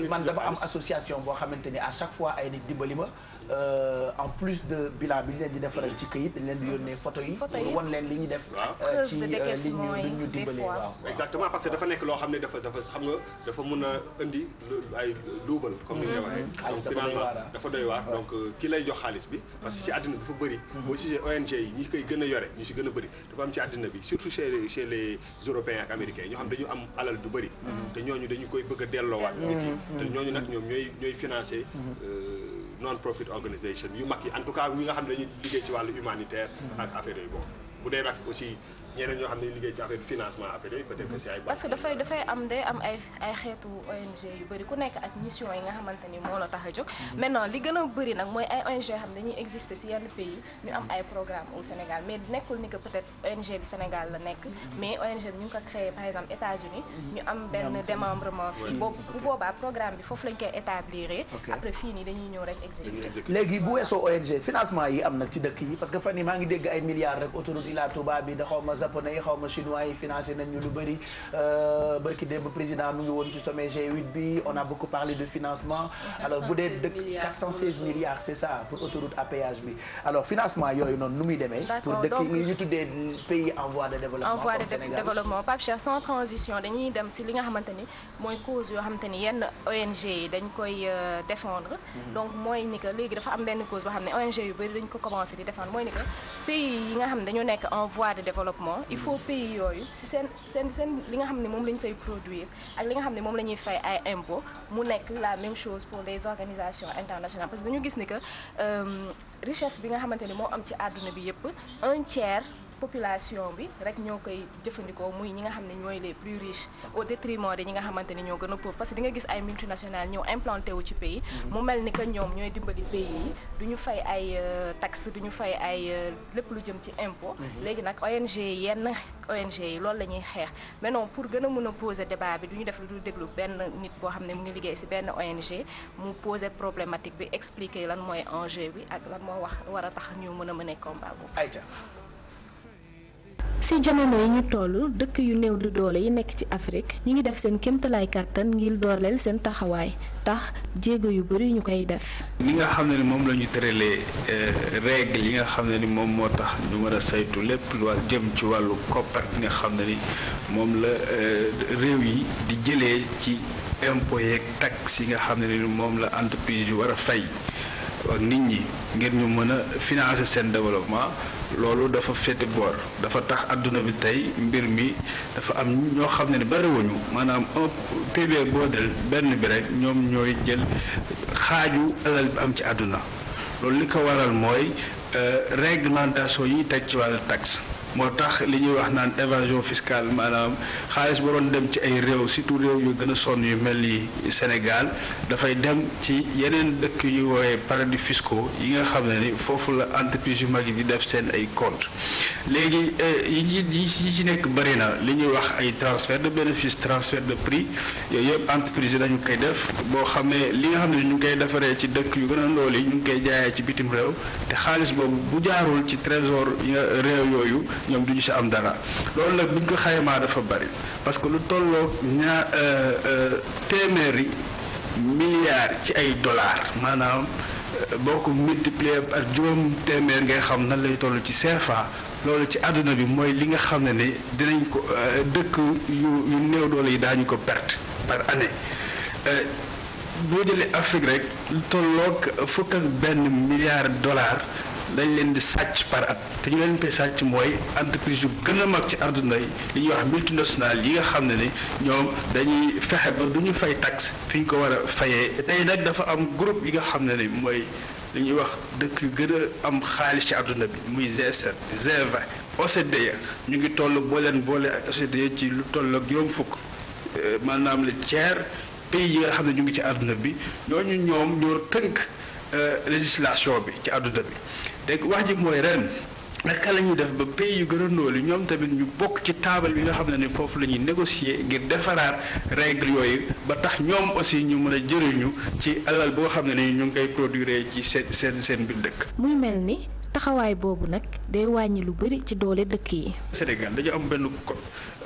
man dama am association boo xamante ni à chaque fois ay nit dimbali ma. Euh, en plus de bilan bi ñu leen di defaral ci këyit dañ leen di yónnee foto yi pour wan leen li ah. euh, euh, ñu def ci li ñu li ñu dimbalee waaw exactement parce que dafa nekk loo xam ne dafa dafa xam nga dafa mën a indi ay luubal comme ni nga waxee mm-hmm. donc dafa doy waar donc ki lay jox xaalis bi parce que ci àddina bi dafa bëri mm-hmm. boo gisee ONG yi ñi koy gën a yore ñu si gën a bëri dafa am ci àddina bi surtout chez les chez les européens ak américains ñoo xam dañu am alal du bëri mm-hmm. te ñooñu dañu koy bëgg a delloowaat nit yi te ñooñu nag ñoom ñooy ñooy financer non profit organisation yu mag yi en tout cas ñi nga xam ne dañuy liggéey ci wàllu humanitaire ak affaire yooyu boobu bu dee nag aussi ñeneen ñoo xam ne liggéey ci affaire financement affaire mhm. dafay dafay am day am ay xeetu ONG yu bëri ku nekk ak mission yi nga xamante ni moo la tax a jóg. Mhm. maintenant li gën a bëri nag mooy ay ONG si yenn ay programme au Sénégal mais nekkul ni que peut-être ONG bi Sénégal nekk. Mhm. mais ONG ñu ngi ko créé par exemple États-Unis ñu am benn démembrement fii boobu programme bi foofu lañ koy établir. après fii nii dañuy ñëw rek exister. léegi bu weesoo ONG financement yi am nag ci dëkk yi parce que fan maa ngi dégg ay milliards rek autoroute Ila Touba bi da xaw ma japonais yi chinois yi financé nañ ñu lu bëri euh, barki démb président mu ngi woon ci sommet g bi on a beaucoup parlé de financement. alors bu dee dëkk milliards c'est ça pour autoroute à bi alors financement yooyu noonu nu muy demee. pour dëkk yi nga xamante mooy cause yoo xamante yenn ONG yi dañ koy euh, défendre. Mhm. donc mooy ni léegi dafa am benn cause boo xam ne ONG yu bëri dañ ko commencé di défendre mooy ni que yi nga xam ne dañoo nekk en voie amoo il faut pays yooyu si seen seen seen li nga xam ne moom la ñu fay produire ak li nga xam ne moom la ñuy fay ay impôts mu nekk la même chose pour les organisations internationales parce que dañu gis ni que euh, richesse bi nga xamante ne moo am ci àdduna bi yëpp un tiers population bi rek ñoo koy jëfandikoo muy ñi nga xam ne ñooy les plus riches au détriment de ñi nga xamante ne ñoo gën a pauvre parce que di gis ay multinationales ñëw implanté wu ci pays mm-hmm. mu mel ni que ñoom ñooy dimbali pays yi du ñu fay ay euh, taxes du ñu fay ay euh, lépp lu jëm ci impôt mm-hmm. léegi nag ONG yenn ONG yi loolu la ñuy xeex mais non pour gën a mën a poser débat bi du ñu def lu dul déglu benn nit boo xam ne mu ngi liggéey si benn ONG mu poser problématique bi expliquer lan mooy enjeu bi ak lan moo wax war a tax ñu mën a mën a combat boobu si jamono yi ñu toll dëkk yu néew di doole yi nekk ci Afrique ñu ngi def seen kéemtalaay kàttan ngir dooleel seen taxawaay tax jéego yu bëri ñu koy def. li nga xam ne ni moom la ñu tëralee euh, règle yi nga xam ne ni moom moo tax ñu mën a saytu lépp lu jëm ci wàllu koppar bi nga xam ne ni moom la euh, réew yi di jëlee ci impôt yeeg taxe yi nga xam ne ni moom la entreprise yu war a fay ak nit ñi ngir ñu mën a financer seen développement. loolu dafa féete boor dafa tax àdduna bi tey mbir mi dafa am ñoo xam ne bariwuñu maanaam un téeméer boo del benn bi rek ñoom ñooy jël xaaju alal bi am ci àdduna loolu li ko waral mooy euh, réglementation yi teg ci wàllu taxe moo tax li ñuy wax naan évasion fiscale maanaam xaalis ba dem ci ay réew surtout réew yu gën a sonn yu mel ni Sénégal dafay dem ci yeneen dëkk yu woowee paradis fiscaux yi nga xam ne ni foofu la entreprise yu mag yi di def seen ay compte léegi eh, yi ci yi nekk bëri na li ñuy wax ay transfert de bénéfice transfert de prix yooyu yëpp entreprise yi dañu koy def boo xamee li nga xam ne ñu koy defaree ci dëkk yu gën ndool yi ñu ngi koy jaayee ci bitim réew te xaalis boobu bu jaarul ci trésor réew yooyu ñoom du ñu si am dara loolu nag bu ñu ko xaymaa dafa bari parce que lu tolloo ñaar euh, euh, téeméeri milliards ci ay dollars maanaam euh, boo ko multiplier ak juróom téeméer ngay xam nan lay toll ci CFA loolu ci àdduna bi mooy li nga xam ne ni dinañ ko dëkk yu yu néew doole yi daañu ko perte par année boo jëlee Afrique rek lu tollook fukk ak benn milliard dollar dañ leen di sàcc par at te ñu leen di sàcc mooy entreprise yu gën a mag ci àdduna yi li ñuy wax multinationale yi nga xam ne ni ñoom dañuy fexe ba du ñu fay taxe fi ñu ko war a fayee. tey nag dafa am groupe yi nga xam ne ni mooy li ñuy wax dëkk yu gën a am xaalis ci àdduna bi muy G7 G20 ñu ngi toll boo leen boole ak OCDE ci lu toll ak juróom fukk euh, maanaam le tiers pays yi nga xam ne ñu ngi ci àdduna bi ñooñu ñoom ñoo tënk euh, législation bi ci àdduna bi. dégg wax ji mooy ren naka la ñuy def ba pays yu gën a noolu ñoom tamit ñu bokk ci taabal bi nga xam ne ni foofu la ñuy négocier ngir defaraat règle yooyu ba tax ñoom aussi ñu mën a jëriñu ci alal boo xam ne ni ñu ngi koy produire ci seen seen seen biir dëkk. muy mel ni taxawaay boobu nag day wàññi lu bëri ci doole dëkk yi. Sénégal dañu am benn code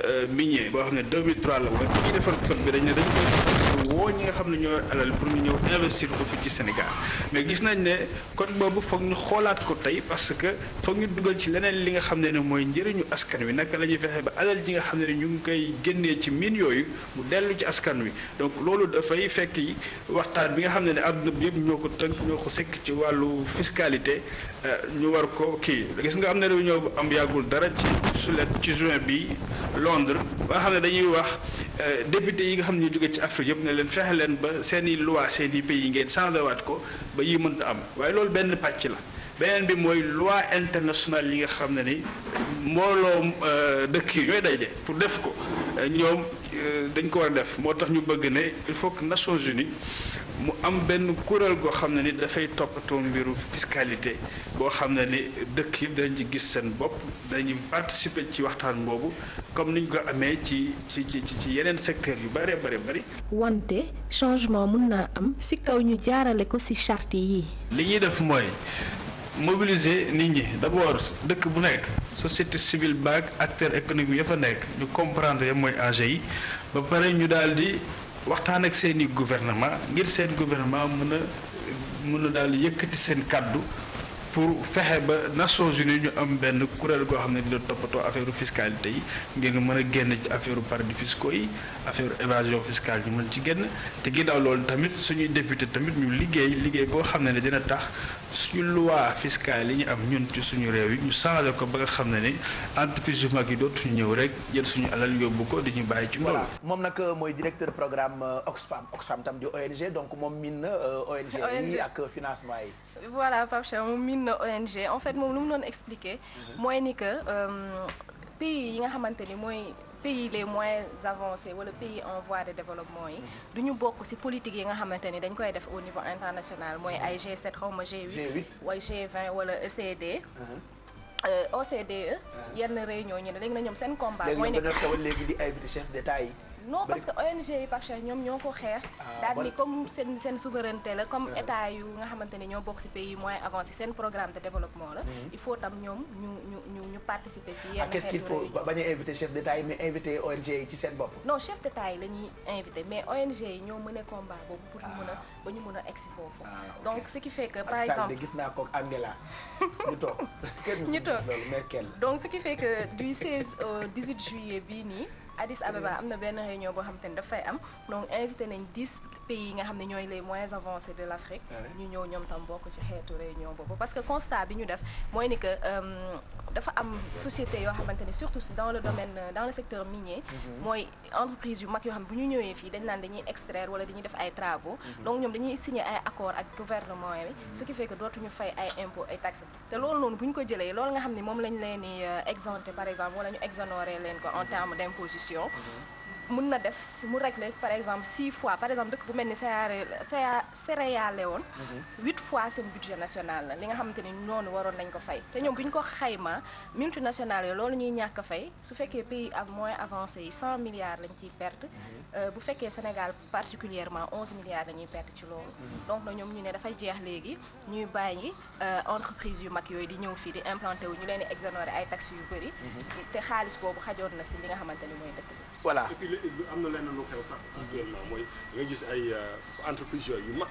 euh, minier boo xam ne 2003 la woon ki defar code bi dañ ne dañu koy. woo ñi nga xam ne ñoo alal pour ñu ñëw investir ko fi ci Sénégal mais gis nañ ne code boobu foog ñu xoolaat ko tey parce que foog ñu dugal ci leneen li nga xam ne ne mooy njëriñu askan wi naka lañuy fexe ba alal ji nga xam ne ne ñu ngi koy génnee ci mine yooyu mu dellu ci askan wi donc loolu dafay fekk waxtaan bi nga xam ne ne àdduna bi yëpp ñoo ko tënk ñoo ko sekk ci wàllu fiscalité Eh, ñu war ko kii gis nga am na réunion bu am yàggul dara ci sulet ci juin bi Londres ba xam ne dañuy wax eh, député yi nga xam ne ñu jóge ci Afrique yëpp ne leen fexe leen ba seeni i loi seen i pays ngeen changé waat ko ba yi mënta am waaye loolu benn pàcc la beneen bi mooy loi internationale yi nga xam ne ni mbooloo eh, dëkk yi ñooy daje pour def ko ñoom dañ ko war def moo tax ñu bëgg ne il faut que Nations Unies mu am benn kuréel goo xam ne ni dafay toppatoo mbiru fiscalité boo xam ne ni dëkk yi dañ ci gis seen bopp dañu participer ci waxtaan boobu comme niñ ko amee ci ci ci ci yeneen secteur yu bare bare bari wante changement mun naa am si kaw ñu jaarale ko si charte yi li ñuy def mooy mobiliser nit ñi d'abord dëkk bu nekk société civile baag acteur économique ya fa nekk ñu comprendre ya mooy age yi ba pare ñu daal di waxtaan ak seen i gouvernement ngir seen gouvernement mën a mën a daal yëkkati seen kàddu pour fexe ba Nations Unies ñu am benn kuréel goo xam ne dina toppatoo affaire fiscalité yi ngeen mën a génn ci affaire paradis fiscaux yi affaire évasion fiscale bi mën ci génn te gi daw loolu tamit suñuy député tamit ñu liggéey liggéey boo xam ne dina tax suñu loi fiscale yi ñu am ñun ci suñu réew yi ñu changé ko ba nga xam ne ni entreprise yu mag yi dootuñu ñëw rek jël suñu alal yóbbu ko dañu bàyyi ci mbala moom nag euh, mooy directeur programme euh, Oxfam Oxfam tam di ONG donc moom miin na euh, ONG yi ak financement yi voilà Pape moom min ONG en fait moom lu mu doon expliquer mhm. mooy ni que pays yi nga xamante ni mooy pays les moins avancés wala pays en de développement yi du ñu bokk si politique yi nga xamante ni dañ koy def au niveau international mooy ay G7 xaw ma G8 wala G20 wala ECD uh-huh. euh, OCDE uh-huh. yenn réunion ñu ne léegi na ñoom seen combat mooy nekk léegi di invité chef d'État yi non parce que ONG yi parce que ñoom ñoo ko xeex. Ah, daal ni comme seen seen souveraineté la comme état yu nga xamante ne ñoo bokk ci pays moyen avancé seen programme de développement la. Mm-hmm. il faut tam ñoom ñu ñu ñu ñu participer ci yenn. Ah, qu'est-ce qu'il faut bañ a invité chef d'état yi mais invité ONG yi ci seen bopp. non chef d'état yi la ñuy mais ONG yi ñoo mën a combat boobu pour ñu mën ah. ba ñu mën a egg ci foofu. donc ce qui fait que par exemple gis naa ko Angela ñu toog. ñu toog donc ce juillet bii nii. Addis Abeba am na benn réunion boo xam te ne dafay am donc invité nañ dix pays nga xam ne ñooy les moins avancés de l' ah ñu ñëw ñoom tam bokk ci xeetu réunion boobu parce que constat bi ñu def mooy ni euh, dafa am société yoo xamante ne surtout dans le domaine euh, dans le secteur minier. Mhm. mooy entreprise yu mag yoo xam bu ñu ñëwee fii dañ naan dañuy extraire def ay travaux. Mhm. donc ñoom dañuy signer ay accord ak gouvernement yi mhm. ce qui fait que dootuñu fay ay impôts bu ñu ko jëlee formation. mun na def si mu réglé par exemple six fois par exemple dëkk bu mel ni céréale woon mhm. huit fois seen budget national la li nga xamante ni loolu waroon nañ ko fay te ñoom bu ñu ko xayma multinationales yi loolu ñuy ñàkk a fay su fekkee pays ak moins avancé yi cent milliards lañ ciy perte mhm. euh, bu fekkee Sénégal particulièrement onze milliards la ñuy perte ci loolu mhm. donc na ñoom ñu ne dafay jeex léegi ñuy bàyyi euh, entreprise yu mag yooyu di ñëw fii di implanté wu ñu leen ay taxes yu bëri te xaalis boobu xajoon na si li nga xamante ni mooy voilà am na lenn lu mooy nga gis ay euh, entreprise yooyu yu mag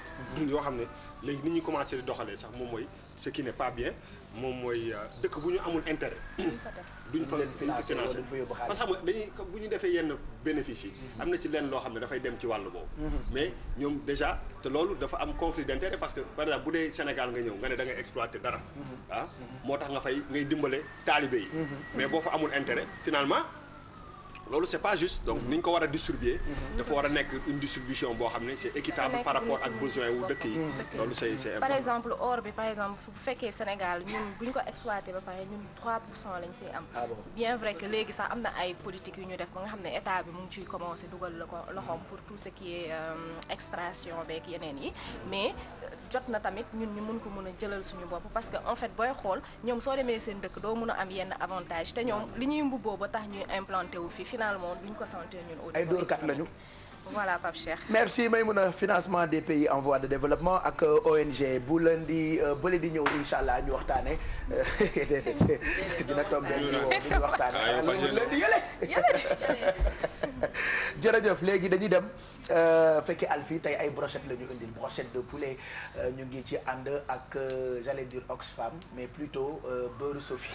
yoo xam ne léegi nit ñi commencé di doxalee sax moom mooy ce qui n'est pas bien moom mooy euh, dëkk bu ñu amul intérêt duñ fa duñ fa financé parce que xam bu ñu defee yenn bénéfice am na ci lenn loo xam ne dafay dem ci wàll boobu mm-hmm. mais ñoom déjà te loolu dafa am conflit parce que par bu dee Sénégal nga ñëw nga ne da ngay exploiter dara mm-hmm. ah moo tax nga fay ngay dimbale taalibe yi mm-hmm. mais boo fa amul intérêt finalement loolu c' est pas juste donc ni ñu ko war a distribuer mhm. dafa war a nekk une distribution boo xam ne c' est par rapport ak besoin wu dëkk yi loolu c' est c' est par exemple or bi par exemple bu ñu ko pour cent lañ siy am ah bien vrai que léegi sax am na ay politique yu ñu def ba nga xam ne état bi mu ngi ciy commencé dugal loxoom pour tout ce qui est euh, extraction beeg yeneen yi mais jot na tamit ñun ñu mun ko mun a jëlal suñu bopp parce que en fait booy xool ñoom soo demee seen dëkk doo mun a am yenn avantage te ñoom li ñuy mbubboo ba tax ñuy implanté wu fi finalement duñ ko sentir ñun. ay dóorkat lañu voilà Pape Cheikh. merci Maymouna financement des pays en voie de développement ak euh, ONG bu leen di euh, bële di ñëw incha allah ñu waxtaanee dina tombé di woo di waxtaanee loolu leen di jërëjëf léegi dañuy dem euh, fekkee Alfie tey ay brochette la ñu indil de poulet ñu ngi ci ànd ak j'allais dire Oxfam mais plutôt beurre Sophie.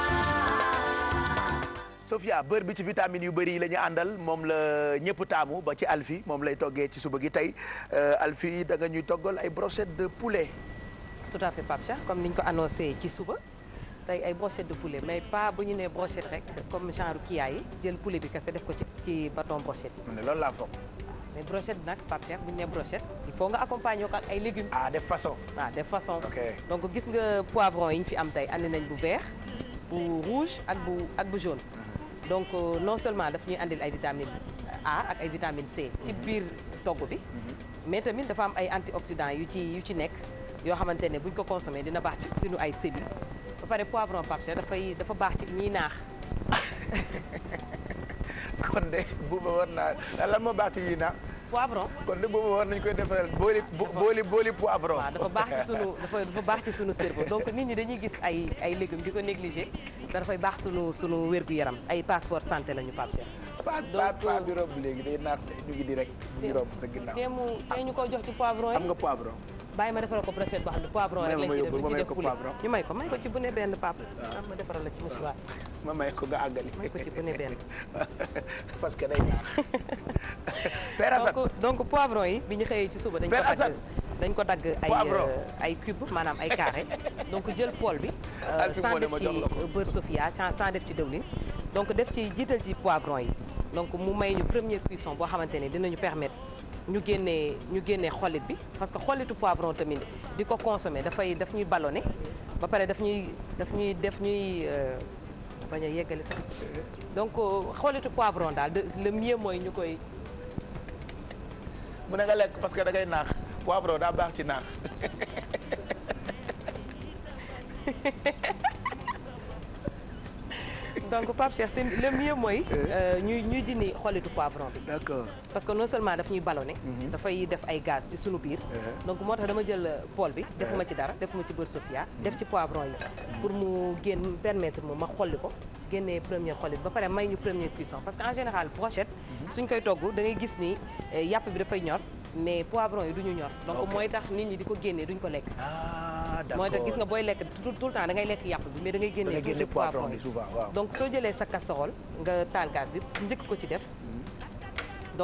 Sofia bër bi ci vitamines yu bëri yi la ñu àndal moom la ñëpp taamu ba ci Alfi moom lay toggee ci suba gi tey euh, Alfi da nga ñuy toggal ay brochette de poulet. tout à fait Pape Cheikh comme niñ ko annoncé ci suba tey ay brochette de poulet mais pas bu ñu nee brochette rek comme genre kia yi jël poulet bi kese def ko ci ci baton brochette. mu ne loolu laa foog. mais brochette nag Pape Cheikh bu ñu nee brochette il faut nga accompagner ko ak ay légumes. Ah, de façon. ah de donc gis nga poivron yi ñu fi am tey andi nañ bu vert bu rouge ak bu ak bu jaune. Mhm. donc euh, non seulement daf ñuy andil ay vitamine A ak ay vitamine C. ci mhm. biir togg bi. Mhm. mais tamit dafa am ay antioxydants yu ci yu ci nekk yoo xamante ne buñ ko consommé dina baax ci suñu ay cellules ba pare poivron Pape Cheikh dafay dafa baax ci ñiy naax. kon de bu ma war naa lan moo baax ci ñiy naax. poivron. kon de boobu war nañ koy defaral booli booli booli poivron. waaw dafa baax ci sunu dafa dafa baax ci sunu cerveau donc nit ñi dañuy gis ay ay légumes di ko négligé dafay baax sunu sunu gu yaram ay passeport santé la ñu Pape Cheikh. donc paa euh, bi rob léegi day naat ñu ngi rek. ñu ngi rob sa ginnaaw te mu te ñu ko jox ci poivron yi. am nga poivron. bàyyi ma defal ko brochette boo poivron rek may ko may ko ci bu ne benn papa am ma defaral la ci musuwaar ma may ko nga àggali may ko ci bu benn parce que day ñaar donc donc poivron yi bi ñu xëyee ci suba dañ ko dagg dañ ko dagg ay euh, ay cube maanaam ay carré donc jël pool bi euh, sans def ci beurre sofia sans def ci dëwlin donc def ci jiital ci poivron yi donc mu may ñu première cuisson boo xamante ne dinañu permettre ñu génnee ñu génne xollit bi parce que xollitu poivron tamit di ko consommer dafay daf ñuy ballonné ba pare daf ñuy daf ñuy def ñuy euh, bañ a yeggale sax donc euh, xollitu poivron daal le mieux mooy ñu koy. mu ne nga lekk parce que da ngay naax poivron daa baax ci naax. donc Pape Cheikh le mieux mooy. Eh? Euh, ñuy ñuy dindi xollitu poivron bi. parce que no seulement daf ñuy ballonné mhm. dafay def ay gaz ci suñu biir eh. donc moo tax dama jël euh, pool bi eh. defuma ci dara defuma ci beurre sofia mhm. def ci poivron yi mhm. pour mu génn permetre mu ma xolli ko génnee première xollit ba pare may ñu première cuisson parce que en général brochette suñ koy togg da ngay gis ni euh, yàpp bi dafay ñor mais poivron yi du ñu ñor donc mooy tax nit ñi di ko génnee duñ ko lekk ah, mooy tax gis nga booy lekk tout le temps da ngay lekk yàpp bi mais da ngay génnee poivron yi souvent waaw donc soo jëlee sa casserole nga bi njëkk ko ci def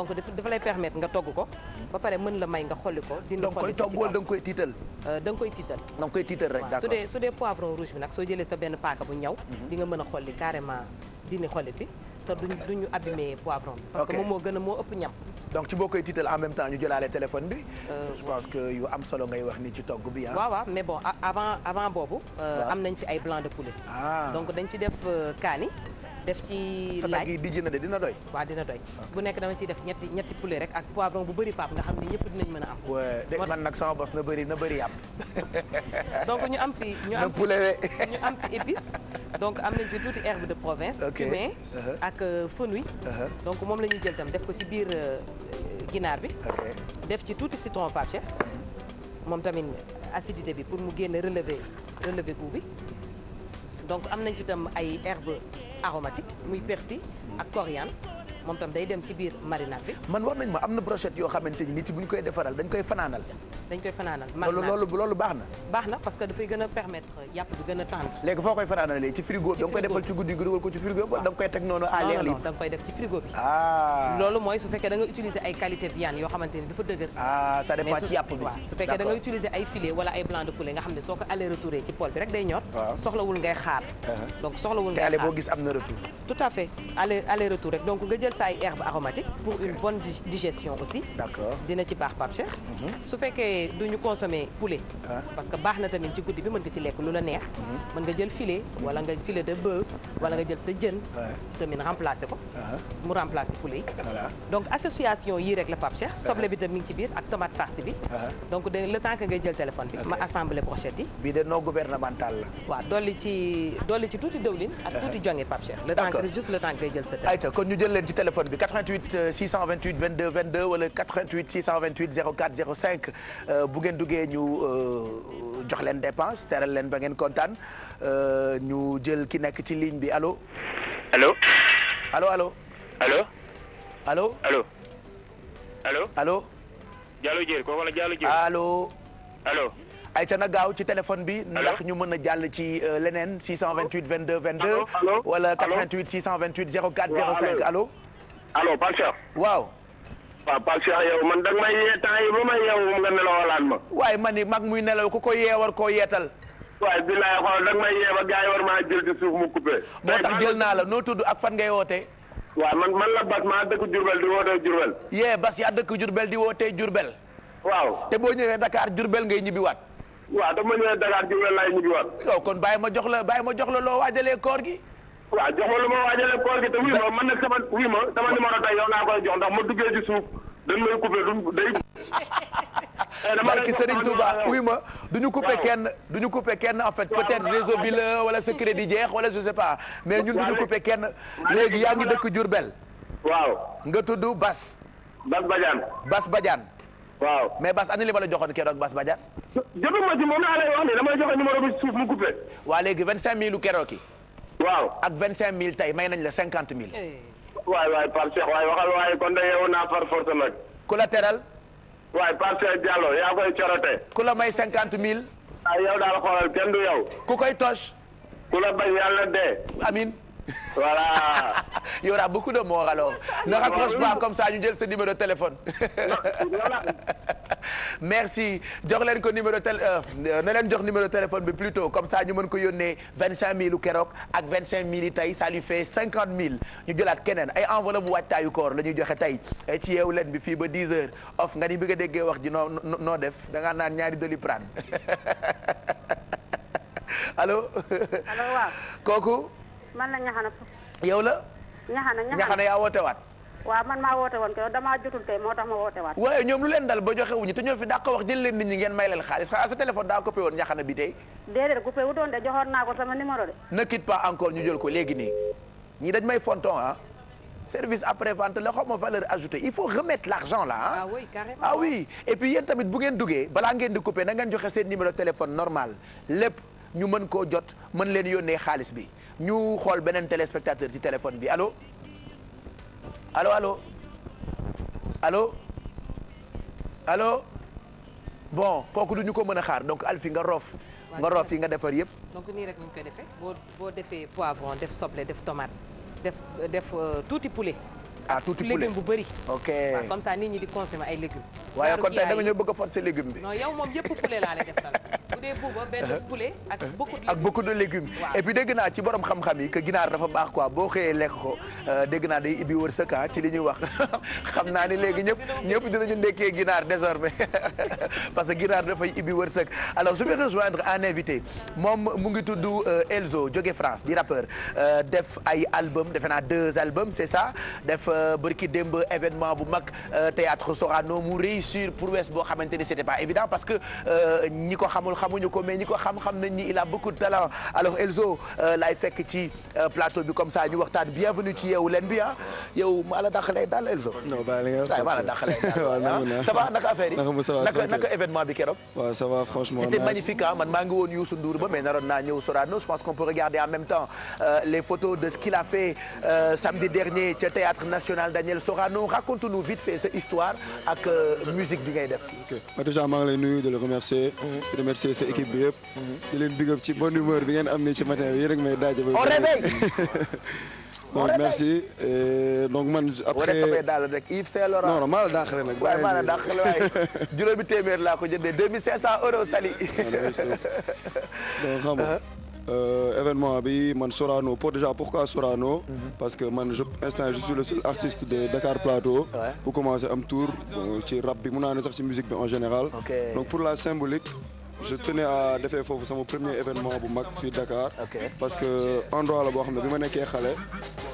donc dafa lay permettre nga togg ko ba pare mën la may nga xolli ko dindi xolli ko koy togg wala da nga koy tiital euh, da nga koy tiital rek d'accord su dee su dee poivron nag soo jëlee sa benn paaka bu ñaw mhm. di nga mën a xolli carrément dindi xolli bi te duñ duñu abîmé poivron bi parce que moom moo gën moo ëpp ñam donc ci koy tiital en même temps ñu jëlaale téléphone bi euh, yu am solo ngay wax ni ci togg bi ah waaw waaw mais avant avant boobu euh, am nañ fi ay blanc de poulet ah. donc dañ ci def kaani def ci laaj yi dijji na de dina doy waa dina doy ah. bu nekk dama ciy def ñetti ñetti poulet rek ak poivron bu bëri pap nga xam ne ñëpp dinañ mën a am de man nag sama bos na bëri na bëri yàpp donc ñu am fi ñu am ñu donc am nañ ci tuuti herbe de province cumin uh-huh. ak euh, fenouil uh-huh. donc moom la jël tam def ko ci biir euh, ginaar bi def ci tuuti citron Pape Cheikh uh-huh. moom tamit acidité bi pour mu génn relever relever goût bi donc am nañ ci tam ay herbe aromatique muy persil ak coriandre moom tam day dem ci biir marinade bi. man war nañ ma am na brochette yoo xamante ni nit yi bu ñu koy defaral dañ koy fanaanal. dañ koy fanaanal loolu loolu baax na baax na parce que dafay gën a permettre yàpp bi gën a tàng léegi foo koy fanaanalee ci frigo bi da koy defal ci guddi gi dugal ci frigo bi wala koy teg noonu à l'air libre da nga koy def ci frigo bi ah. loolu mooy su fekkee da utiliser ay qualité viande yoo xamante dafa dëgër ah yàpp bi su utiliser ay filet wala ay blanc de poulet nga xam ne soo ko aller retour ci poêle bi rek day ñor soxlawul defee du ñu consommer poulet. Ah. parce que baax na tamit ci guddi bi mën nga ci lekk lu la neex. Mhm. mën nga jël filet wala nga filet de bœuf wala nga jël sa jën. ko. Uh-huh. mu remplacer poulet yi. donc association yii rek la Pape Cheikh. Uh-huh. soble bi tam mi ngi ci biir uh-huh. temps que ngay jël téléphone temps que ngay jël sa téléphone. ayca kon jël leen ci téléphone bi 88 628 22 22 wala 88 628 04 Euh, bu ngeen duggee ñu euh, jox leen dépense teral leen ba ngeen kontaan euh, ñu jël ki nekk ci ligne bi alo alo allo alo allo. allo. allo. allo. allo. Diallo Diène kooku la Diallo Diène. allo. allo. na gaaw ci téléphone bi. ndax ñu mën a jàll ci leneen 628 22 22. wala 88 628 04 05 allo. allo alo Cheikh. waaw. waaw Pape Cheikh yow man danga may yee temps yi ba may yeewu nga nelawalaan ma. waaye man ni mag muy nelaw ku ko yee war koo yeetal. waaye bilaay xool danga may yee ba gars yi war maa jël ci suuf mu coupé. moo tax jël naa la noo tudd ak fan ngay wootee. waaw man la Bas maa dëkk Diourbel di wootee Diourbel. yee Bas yaa dëkk Diourbel di wootee Diourbel. waaw te boo ñëwee Dakar Diourbel ngay ñibbiwaat. waaw dama ñëwee Dakar Diourbel laay ñibbiwaat. yow kon bàyyi ma jox la bàyyi ma jox la loo waajalee koor gi. waa jox ma lu ma waajalee koor gi te wuy ma man nag sama wuy ma sama numéro tey yow naa koy jox ndax ma duggee ci suuf dañ may coupé duñ day. barki Serigne Touba wuy ma du ñu coupé kenn du ñu coupé kenn en fait peut-être réseau bi la wala sa crédit jeex wala je pas mais ñun du ñu coupé kenn léegi yaa ngi dëkk Diourbel. waaw nga tudd Bas. Bas Badiane. Bas Badiane. waaw mais Bas ani li ma la joxoon keroog Bas Badiane. jotuma ci moom laa lay wax ne damay joxe numéro bi suuf yi. waaw ak vingt cinq mille tey may nañ la cinquante mille. waay waay Pape Cheikh waay waxal waay kon de yeewu naa par force ku la teral. waay Pape Cheikh Diallo yaa koy corote. ku la may cinquante mille. ah yow daal xoolal kenn du yow. ku koy tos. ku la bañ yàlla dee. amin voilà. il y aura beaucoup de morts na ne raccroche comme ça ñu jël sa numéro de téléphone. merci jox leen ko numéro tel euh, euh, na leen jox numéro téléphone bi plutôt comme ça ñu mën ko yónnee vingt cinq mille u keroog ak vingt yi tey ça lui fait cinquante mille ñu jëlaat keneen ay enveloppe bu waajtaayu koor la ñuy joxe tey eh, ci yeewu leen bi fii ba dix heures of nga ni bi nga déggee wax ji noo noo def da ngaa naan ñaari Doliprane allo. allo kooku. man la ñaxana yow la. ñaxana ñaxana yaa woote waat. waaw man maa woote woon ko damaa jotul tey moo tax ma woote waat. waaye ñoom lu leen dal ba joxe wuñu te ñoo fi daa ko wax jël leen nit ñi ngeen may leen xaalis xanaa sa téléphone daa coupé woon ñaxana bi tey. déedéet coupé wu doon de joxoon naa ko sama numéro de. ne quitte pas encore ñu jël ko léegi nii ñi dañ may fonton ah. service après vente la xawma valeur ajoutée il faut remettre l'argent là ah. ah oui carrément ah et tamit bu ngeen duggee balaa ngeen di coupé na ngeen joxe seen numéro téléphone normal lépp ñu mën koo jot mën leen yónnee xaalis bi. ñu xool beneen téléspectateur ci téléphone bi alo alo alo alo allo bon kooku du ñu ko mën a xaar donc Alfi nga roof nga roof yi nga defar yëpp donc nii rek ñu koy defee boo boo defee poivron def soble def tomate def def euh, tuuti poulet ah tuuti poulet légume bu bëri. ok waaw comme ça nit ñi di consommer ay légumes. waaye kon tey da nga ñëw bëgg a forcer légume bi. non yow moom yëpp benn uh-huh. poulet ak uh-huh. beaucoup de. ak beaucoup légumes et dégg naa ci borom xam-xam yi que ginaar dafa baax quoi boo xëyee lekk ko euh, dégg naa day ibbi wër sa ah, kan ci li ñuy wax xam naa ni léegi ñëpp ñëpp dinañu ndekkee ginaar désormais parce que ginaar dafay ibbi wërsëg alors je vais rejoindre un invité moom mu ngi tudd euh, Elzo joge France di rappeur euh, def ay album defe naa deux albums c'est ça def. Euh, bërki démb événement bu mag euh, théâtre Sorano mu réussir prouesse boo xamante ni c'était pas évident parce que euh, ñi ko xamul xamuñu ko mais ñi ko xam-xam nañ ñi il a beaucoup de talent alors Elzo laay fekk ci plateau bi comme ça ñu waxtaan bienvenue ci Yeewu Leen bi ah yow maa la dàqalee daal Elzo. non bàyyi la nga wax maa la dàqalee daal ah. ça va naka affaire yi naka naka événement bi keroog. waaw ça va franchement c'était magnifique ah man maa ngi woon Youssou Ndour ba mais naroon naa ñëw Sorano je pense qu'on peut regarder en même temps les photos de ce qu'il a fait samedi dernier ca théâtre national national Daniel Sorano raconte-nous vite fait sa histoire ak euh, musique bi ngay def. ok déjà maa ngi lay nuyu di la remercier. Mhm. remercier sa équipe bi yëpp. Mhm. di leen big ci bonne humeur bi ngeen am ni ci matin bi yéen rek may daje. on réveille donc man. après samay daal rek Yves Saint Laurent. non non maa la dàqale nag. waaye la dàqale waaye juróomi téeméer laa ko jëndee 2500 euros sali. donc ah, xam Euh, événement bi man Sorano pour déjà pourquoi Sorano. Mhm. parce que man je instant je suis le seul artiste de Dakar Plateau. bu commencé am tour ci rap bi mun naa ne sax ci musique bi en général. donc pour la symbolique. je tenais à defee foofu sama premier événement bu mag fii Dakar. parce que endroit la boo xam ne bi ma nekkee xale.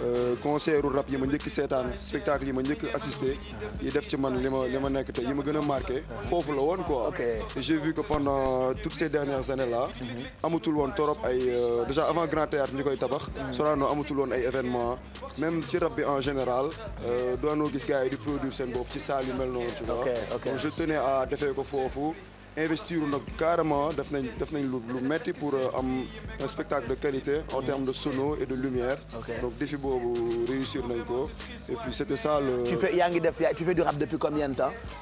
Euh, concert rap yi ma njëkk seetaan spectacle yi ma njëkk assisté. yi def ci man li ma ma nekk te yi ma gën a marqué. foofu la woon ko j'ai vu que pendant toutes ces dernières années là. Mhm. amatul woon torop ay euh, déjà avant Grand Théâtre ñu koy tabax. Mhm. Sorano amatul woon ay événement même ci rap bi en général. Euh, doono gis gars yi di produire seen bopp ci salle yu mel noonu. tu vois defee ko foofu. investir nag carrément def nañ def nañ lu metti pour euh, am un spectacle de qualité en termes de sono et de lumière. donc défi boobu réussir nañ ko et puis c'était ça le. tu fais yaa ngi def tu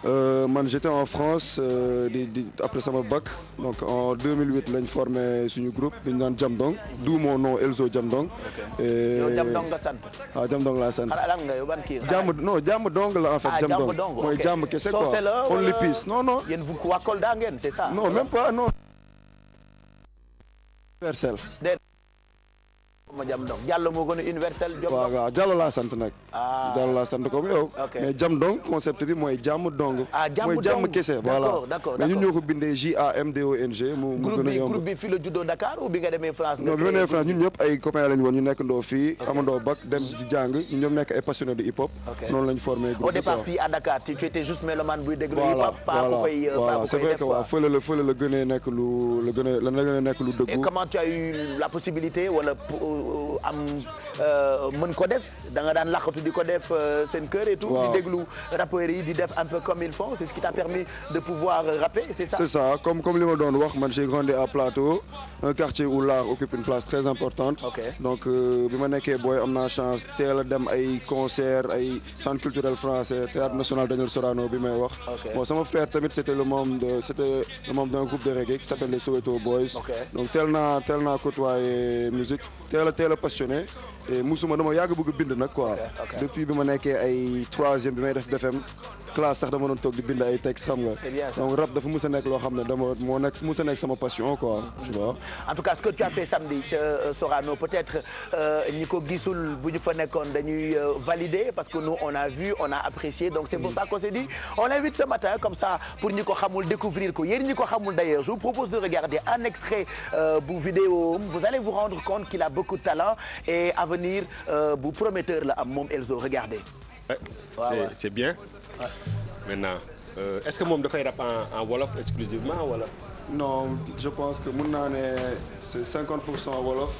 euh, man j'étais en France euh, di di après sama bac donc en 2008 lañ formé suñu groupe bi ñu naan Jamdong d'où mon nom Elzo Jamdong. ok yow Jamdong nga sant. ah Jamdong laa sant. xanaa lan nga la en fait. ah mooy Jamb kese quoi. on l'épice non non. yéen vous ngeen c'est ça. non même pas non. universel. ma jam dong Diallo moo gën a universel. waaw waaw sant nag. ah Diallo sant comme yow. mais jam dong concept bi mooy jàmm dong. Ah, mooy jàmm kese mais ñun ñoo ko bindee A M D O N mu mu a bi fii la juddoo Dakar ou bi nga France. non ñëpp ay copains lañ woon ñu nekk ndoo fii. amandoo dem jàng ñun ñoom ay passionnés de hip hop. noonu lañ formé groupe au à Dakar tu étais juste mélomane buy déglu hip hop. Euh, pas ku fay pas ku def quoi la gën a a nekk lu dëggu. Euh, am euh, mën ko def euh, et tout. di déglu rappeurs yi comme ils font c'est ce qui t'a permis de pouvoir rapper c'est ça. comme comme li wax man j'ai grandi à Plateau un quartier où l'art occupe une place très importante. donc bi ma nekkee chance teel a dem ay concert ay centre culturel français théâtre national Daniel Sorano bi wax. bon sama frère tamit c'était le membre de c'était le membre d'un groupe de reggae qui s'appelle les Soweto Boys. Okay. donc teel naa teel naa côtoyer musique teel teel a passionné musuma dama yàgg bëgg a bind nag quoi depuis bi ma nekkee ay troisième bi may def BFM classe sax dama doon toog di bind ay texte xam nga donc rap dafa mus a nekk loo xam ne dama moo nekk mus a nekk sama passion quoi tu vois en tout cas ce que tu as fait samedi ca euh, Sorano peut-être euh, ñi ko gisul bu ñu fa nekkoon dañuy euh, valider parce que nous on a vu on a apprécié donc c'est pour ça qu'on s'est dit on l'invite ce matin comme ça pour ñi ko xamul découvrir ko yéen ñi ko xamul d'ailleurs je vous propose de regarder un extrait bu vidéo vous allez vous rendre compte qu'il a beaucoup de talent et à venir avenir euh, bu prometteur la am moom Elzo regardez. waaw c'est bien. maintenant euh, est-ce que moom da koy rap en wolof exclusivement wala. non je pense que mun naa ne c'est 50 pour cent wolof.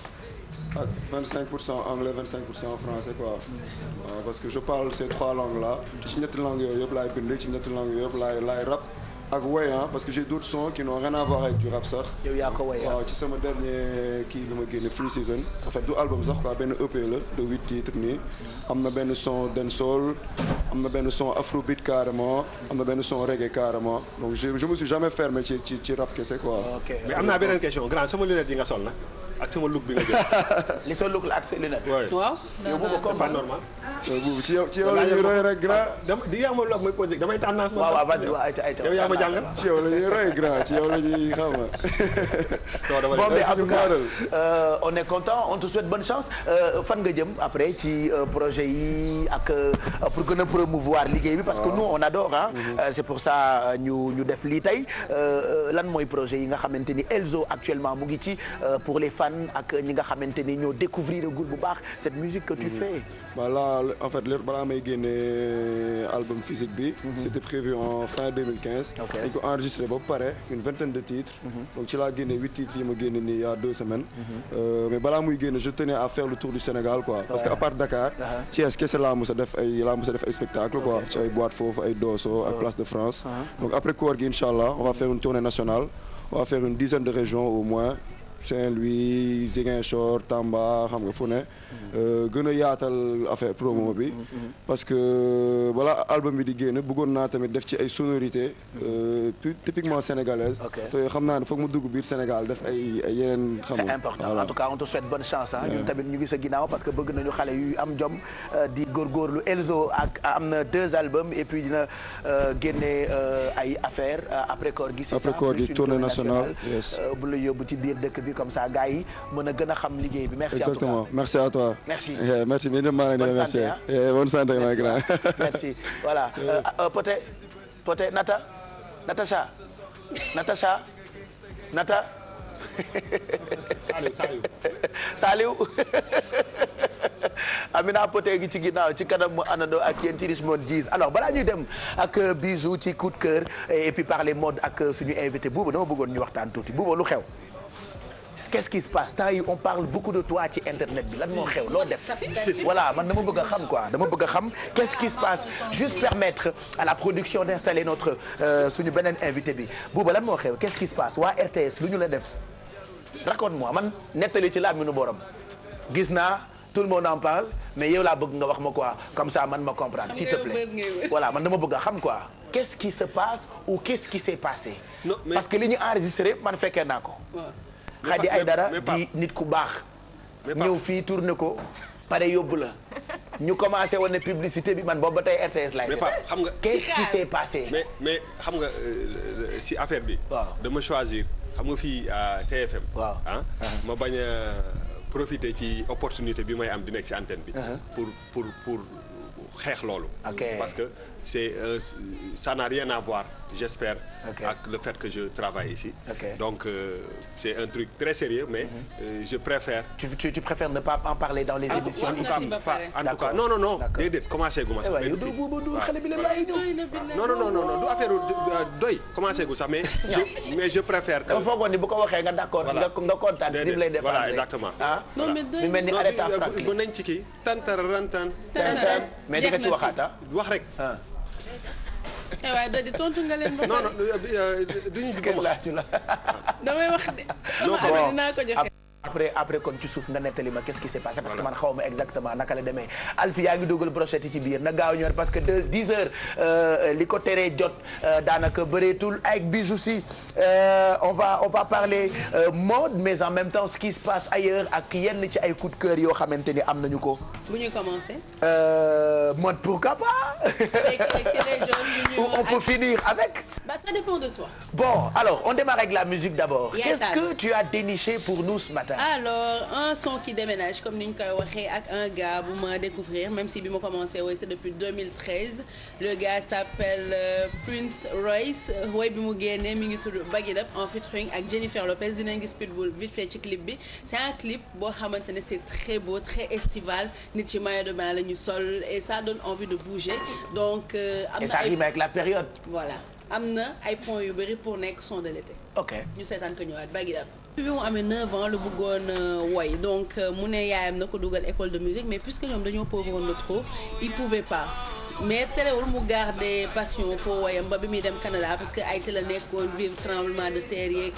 ak 25 pour cent anglais 25 pour cent français quoi. Euh, parce que je parle ces trois langues là. ci ñetti langues yooyu yëpp laay bind ci ñetti langues yooyu yëpp laay ak woy ah, parce que j'ai d'autres sons qui n'ont rien à voir avec du sax. yow yaa ko woy ci sama dernier kii bi ma génne Free Season en fait du album sax quoi benn EP la de huit titres nii am na benn son dancehall am na benn son afrobeat carrément am na benn son reggae carrément donc je je me suis jamais fermé ci ci ci rap kese quoi. mais am naa beneen question grand sama lunette yi nga sol na. ak sama look bi nga jël. li sa look la ak sa lunette. waaw yow boobu comprendre normal. boobu ci yow ci yow la ñuy roy rek grand. Ah, ah. dama di yaa ma look mooy projet damay tendance. waaw waaw vas-y waaw ayca ayca yow yaa ma jàngal. ci yow la ñuy roy grand ci yow la ñuy xam nga. bon mais en tout cas euh, on est content on te souhaite bonne chance euh, fan nga jëm après ci euh, projet yi ak pour gën a promouvoir liggéey bi. parce que ah. nous on adore ah. c'est pour ça ñu ñu def lii tey lan mooy projet yi nga xamante ni Elzo actuellement mu ngi ci pour les fans. waxtaan ak ñi nga xamante ni ñoo découvrir mhm. album physique bi. Mhm. c'était prévu en fin 2015. ok dañ ko enregistré ba pare une vingtaine de titres. Mhm. donc ci laa génnee huit titres yi ma génne nii il deux semaines. Euh, mais balaa muy génne je tenais à faire le tour du Sénégal parce que à Dakar. Uh-huh. Thiès kese laa mos a spectacle quoi ci ay boîte foofu ay Place de France. Uh-huh. après koor gi incha une dizaine de régions au moins. Saint-Louis Ziguinchor Tamba xam nga fu ne. Mhm. Euh, gën a yaatal affaire promo bi. Mhm, mhm, parce que balaa album bi di génn bëggoon naa tamit def ci ay sonorités. Euh, typiquement sénégalaise. te xam naa ne foog mu dugg biir Sénégal def ay ay yeneen. xam nga c'est important en tout cas on te souhaite bonne chance ah. ñun tamit ñu ngi sa ginnaaw parce que bëgg nañu xale yu am jom euh, di góorgóorlu Elzo ak am na deux albums et puis dina génne ay affaires après koor gi. après koor gi tournée nationale bu la yóbbu ci biir dëkk bi. comme ça gars yi mën a gën a xam liggéey bi. merci exactement merci à toi. merci eh, merci bi ñëpp maa ngi lay remercier. bonne santé ma grand. merci voilà eh. euh, euh, Poté Poté Nata Natacha Natacha Nata. Saliou Saliou. Amina Poté ci ginnaaw ci kanam mu àndandoo ak yéen Tiris Monde 10 alors balaa ñuy dem ak euh, bisou ci coup de cœur et puis parler mode ak suñu invité Bouba dama bëggoon ñu waxtaan tuuti Bouba lu xew. qu'est-ce qui se passe temps yi on parle beaucoup de toi ci internet bi lan moo xew loo def voilà man dama bëgg a xam quoi dama bëgg xam qu'est-ce qui se passe juste permettre à la production d'installer notre euh, suñu beneen invité bi Bouba lan moo xew qu'est-ce qui se passe waa RTS lu ñu la def raconte-moi man nettali ci laaminu borom gis naa tout le monde en parle mais yow laa bëgg nga wax ma quoi comme ça man ma comprendre s'il te plaît voilà man bëgg a xam quoi qu'est-ce qui se passe ou qu'est-ce qui que li ñu enregistré man fekkee naa ko xadi ay dara di nit ku baax ñëw fii tourné ko pare yóbbu la ñu commencé woon ne bi man boobu ba tey RTS laay mais Pape xam nga qu'est-ce qui s'est passé mais xam nga euh, si affaire bi waaw dama choisir xam nga fii TFM waaw ah, ah. ma bañ a profiter ci opportunité bi may am di nekk si antenne bi uh-huh. pour pour pour xeex loolu parce que c'est euh, ça n'a rien j'espère okay. ak le fait que je travaille ici okay. donc euh, c'est un truc très sérieux mais mhm. euh, je préfère tu, tu, tu préfères ne pas en parler dans les en ah, émissions en ah, ici ah, pas, en tout cas non non non déedéet commencé gu ma sax non non non non du affaire euh, doy commencé gu sax mais mais je préfère que foogoon ni bu ko waxee nga d'accord nga kontaan ni mu lay défendre voilà exactement non mais doy mel ni arrêté euh, bu nañ ci kii tantarantan mais di nga ci waxaata wax rek eh waaye doo di tontu nga leen ba pare. non non du ñu jublu ma damay wax de. sama am dinaa ko joxe. après après kon ci suuf nga nettali ma qu'est-ce qui s'est passé parce que man xaw ma exactement naka la demee Alfi yaa ngi dugal brochette yi ci na gaaw ñëw parce que de 10 heures euh, li ko teree jot euh, daanaka bëreetul ak bijou si euh, on va on va parler mode mais en même temps ce qui se passe ailleurs ak yenn ci ay coup de cœur yoo xamante ni am nañu ko. bu ñu commencé. mode pourquoi pas. on peut finir avec. bah ça bon alors on démarre avec la musique d'abord. qu'est-ce que tu as déniché matin. alors un son qui déménage comme ni ñu koy waxee ak un gars bu ma découvrir même si bi ma commencé woy c'est depuis 2013 le gars s'appelle euh, Prince Royce woy bi mu génnee mi ngi tudd Bag It Up en featuring ak Jennifer Lopez dinañ gis Pitbull vite fait ci bi c'est un clip boo xamante ne c'est très beau très estival nit ci maillot de bain la ñu sol et ça donne envie de bouger donc. Euh, am na et ça rime avec la période. voilà am na ay points yu bëri pour nekk son de l'été. ok ñu seetaan ko ñëwaat Bag It bi mu amee 9 ans la bëggoon euh, woy donc euh, mu ne yaayam na ko dugal école de musique mais puisque ñoom dañoo pauvre de trop il pouvait pas mais terewul mu garder passion pour woyam ba bi muy dem Canada parce que Haïti la nekkoon vivre tremblement de terre yeeg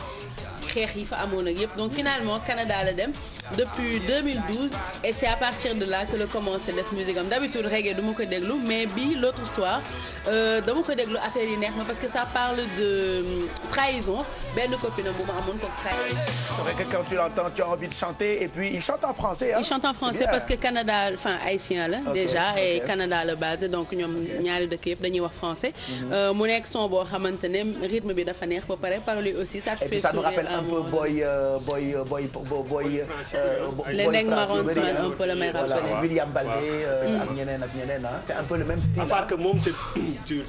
xeex yi fa amoon ak yëpp donc finalement Canada la dem depuis 2012 et c'est à partir de là que la commencé def musique am d'habitude ko déglu mais bi l'autre soir euh, dama ko déglu affaire yi neex ma parce que ça parle de euh, trahison benn copine am bu ma amoon comme trahison. c'est vrai que quand tu l'entends tu as envie de chanter et puis il chante en français. Hein? il chante en français parce que Canada enfin la. déjà et Canada la basé donc ñoom ñaari dëkk yëpp dañuy wax français. Mhm. Euh, mu nekk son boo xamante ne rythme bi dafa neex ba pare paroles aussi ça te fait sourire. et puis ça nous rappelle un peu boy boy boy les Neg Marone sont un peu le même voilà William Baldé ak ñeneen ak ñeneen ah. c'est un peu le même style. à part que moom c'est tu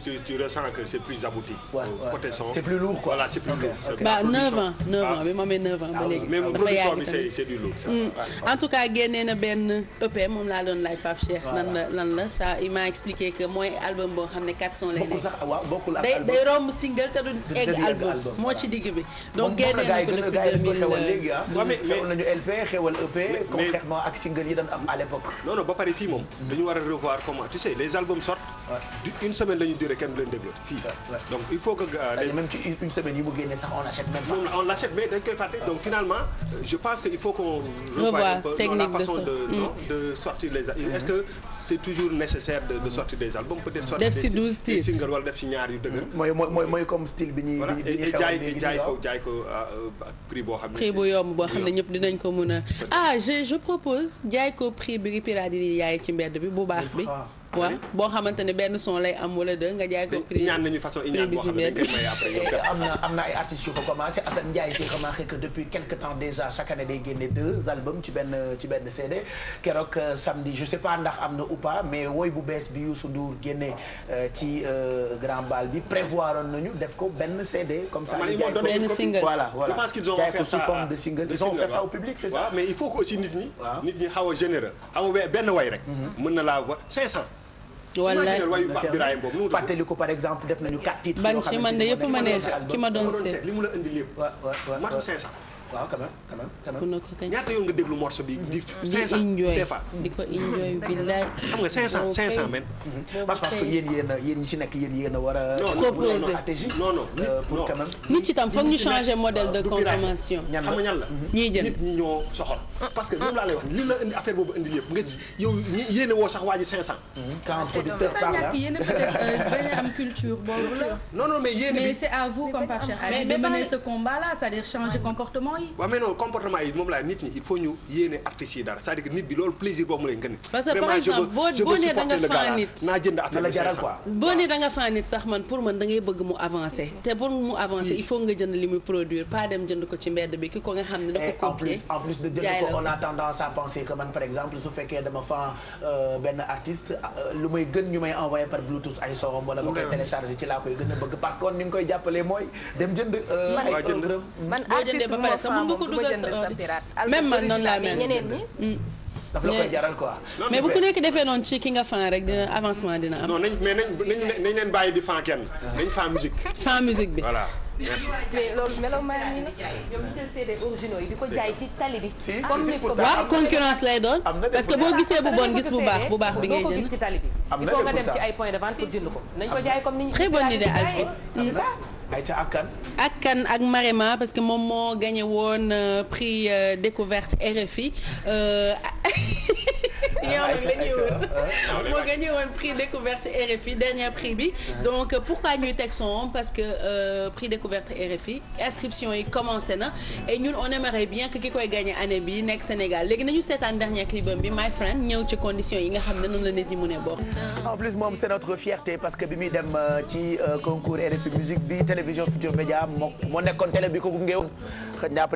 ba 9 ans 9 ans bi moom 9 ans ba léegi. même production bi c'est c'est du lourd. en tout cas génnee na benn EP moom laa doon laaj Pape Cheikh. lan la m'a expliqué que mooy album boo xam ne 400 lay nekk. bokkul sax waaw bokkul ak single te du egg album moo ci digg bi. donc génnee na ko depuis 2000 léegi ah. xewal EP. ba pare fii moom. dañu war revoir comment tu sais les albums sortent. une semaine la ñu kenn du leen déglu fii. donc il faut que. Euh, même ci une semaine yu mu génnee sax on achète même on l'achète mais dañ koy fàtte donc finalement euh, je pense que il faut qu'on revoie un mm. de sortir des albums peut-être sortir des wala def ci ñaar yu dëgër mooy comme style bi ñuy jaay ko jaay euh, ko prix boo xam ne prix bu yomb boo xam ne ñëpp dinañ ko mën a ah je je propose jaay ko prix bi ngi piraat yi ci mbedd bi bu baax bi waaw boo xamante ne benn son lay am wala deux nga jaay ko. prix ñaan nañu façon ñaan boo xam ne dañ koy maye après eh, am na am na ay artistes ko commencé Assane Ndiaye j'ai remarqué que depuis quelque temps déjà chaque année day génne deux albums ci benn ci benn euh, samedi je sais pas ndax am na ou pas mais woy bu bees bi su Ndour génne euh, ci euh, grand bal bi prévoir on nañu def ko benn CD comme ça. Ah, ñu jaay ko benn single voilà voilà jaay ko sous forme de ça au public c'est ça. mais il faut que aussi nit a wala fàttali ko par exemple def nañu quatre titres. ban ci man de yëpp ma ne ki ma doon seet li mu la indi lépp matu 500 waaw quand même quand même quand même. ko kañ ñaata yoon nga déglu morceau bi. di 500 mm. CFA di ko enjoy billaay. xam nga 500 500 même. parce que yéen yéen a yéen ñi ci nekk yéen yéen a war a. proposer non non pour euh, quand même. nit ci tam foog ñu changer modèle de consommation. xam nga ñan la mhm. ñiy jël nit ñi ñoo soxal. parce que moom laa lay wax li la indi affaire boobu indi lépp nga si yow yéen a woo sax waa ji 500. Mhm. quand producteur parle la yéen a peut-être euh, bañ a am culture boobu la. non non mais yéen a mais c'est à vous comme Pape Cheikh Aliou de mener ce combat là c'est-à-dire changer comportement waaw mais comportement yi moom laa nit ñi il faut ñu yéene artistes yi dara cest à nit bi loolu plaisir boobu mu lay gën parce que par exemple boo boo nee da nit naa jënd affaire jaral quoi boo nit sax man pour man da ngay bëgg mu avancer te mu avancer il faut nga jënd li muy produire pas dem jënd ko ci mbedd bi ki jënd ko on a tendance man par exemple euh, euh, mooy sax mën nga ko dugal sa heure même man noonu laa mel ñeneen mm. mais bu ku nekk defee noonu ci ki nga fan rek dina avancement dina am. non nañ mais nañ nañ leen bàyyi di fan kenn. Ah. nañ fan musique. fan musique bi merci mais loolu melomaan yi nag ñoom ñu jël CD originaux yi di ko jaay ci tali bi. concurrence lay doon. parce que boo gisee bu bon gis bu baax bu baax bi ngay jënd. ci tali bi de vente pour ak Marema parce que moom moo gagné woon euh, prix euh, découverte RFI. Euh, yow nag la ñuy prix découverte RFI dernier prix bi donc euh, pourquoi ñuy teg parce que euh, prix découverte RFI inscription yi commencé na et ñun on aimerait bien que ki koy gagné année bi nekk Sénégal léegi nañu seetaan dernier clip bi my friend ñëw ci condition yi nga xam ne noonu la nit ñi mën a bokk en plus moom c'est notre fierté parce que bi muy dem euh, ci concours RFI musique bi télévision Futur Média moo moo nekkoon télé bi ko gunge woon xëy na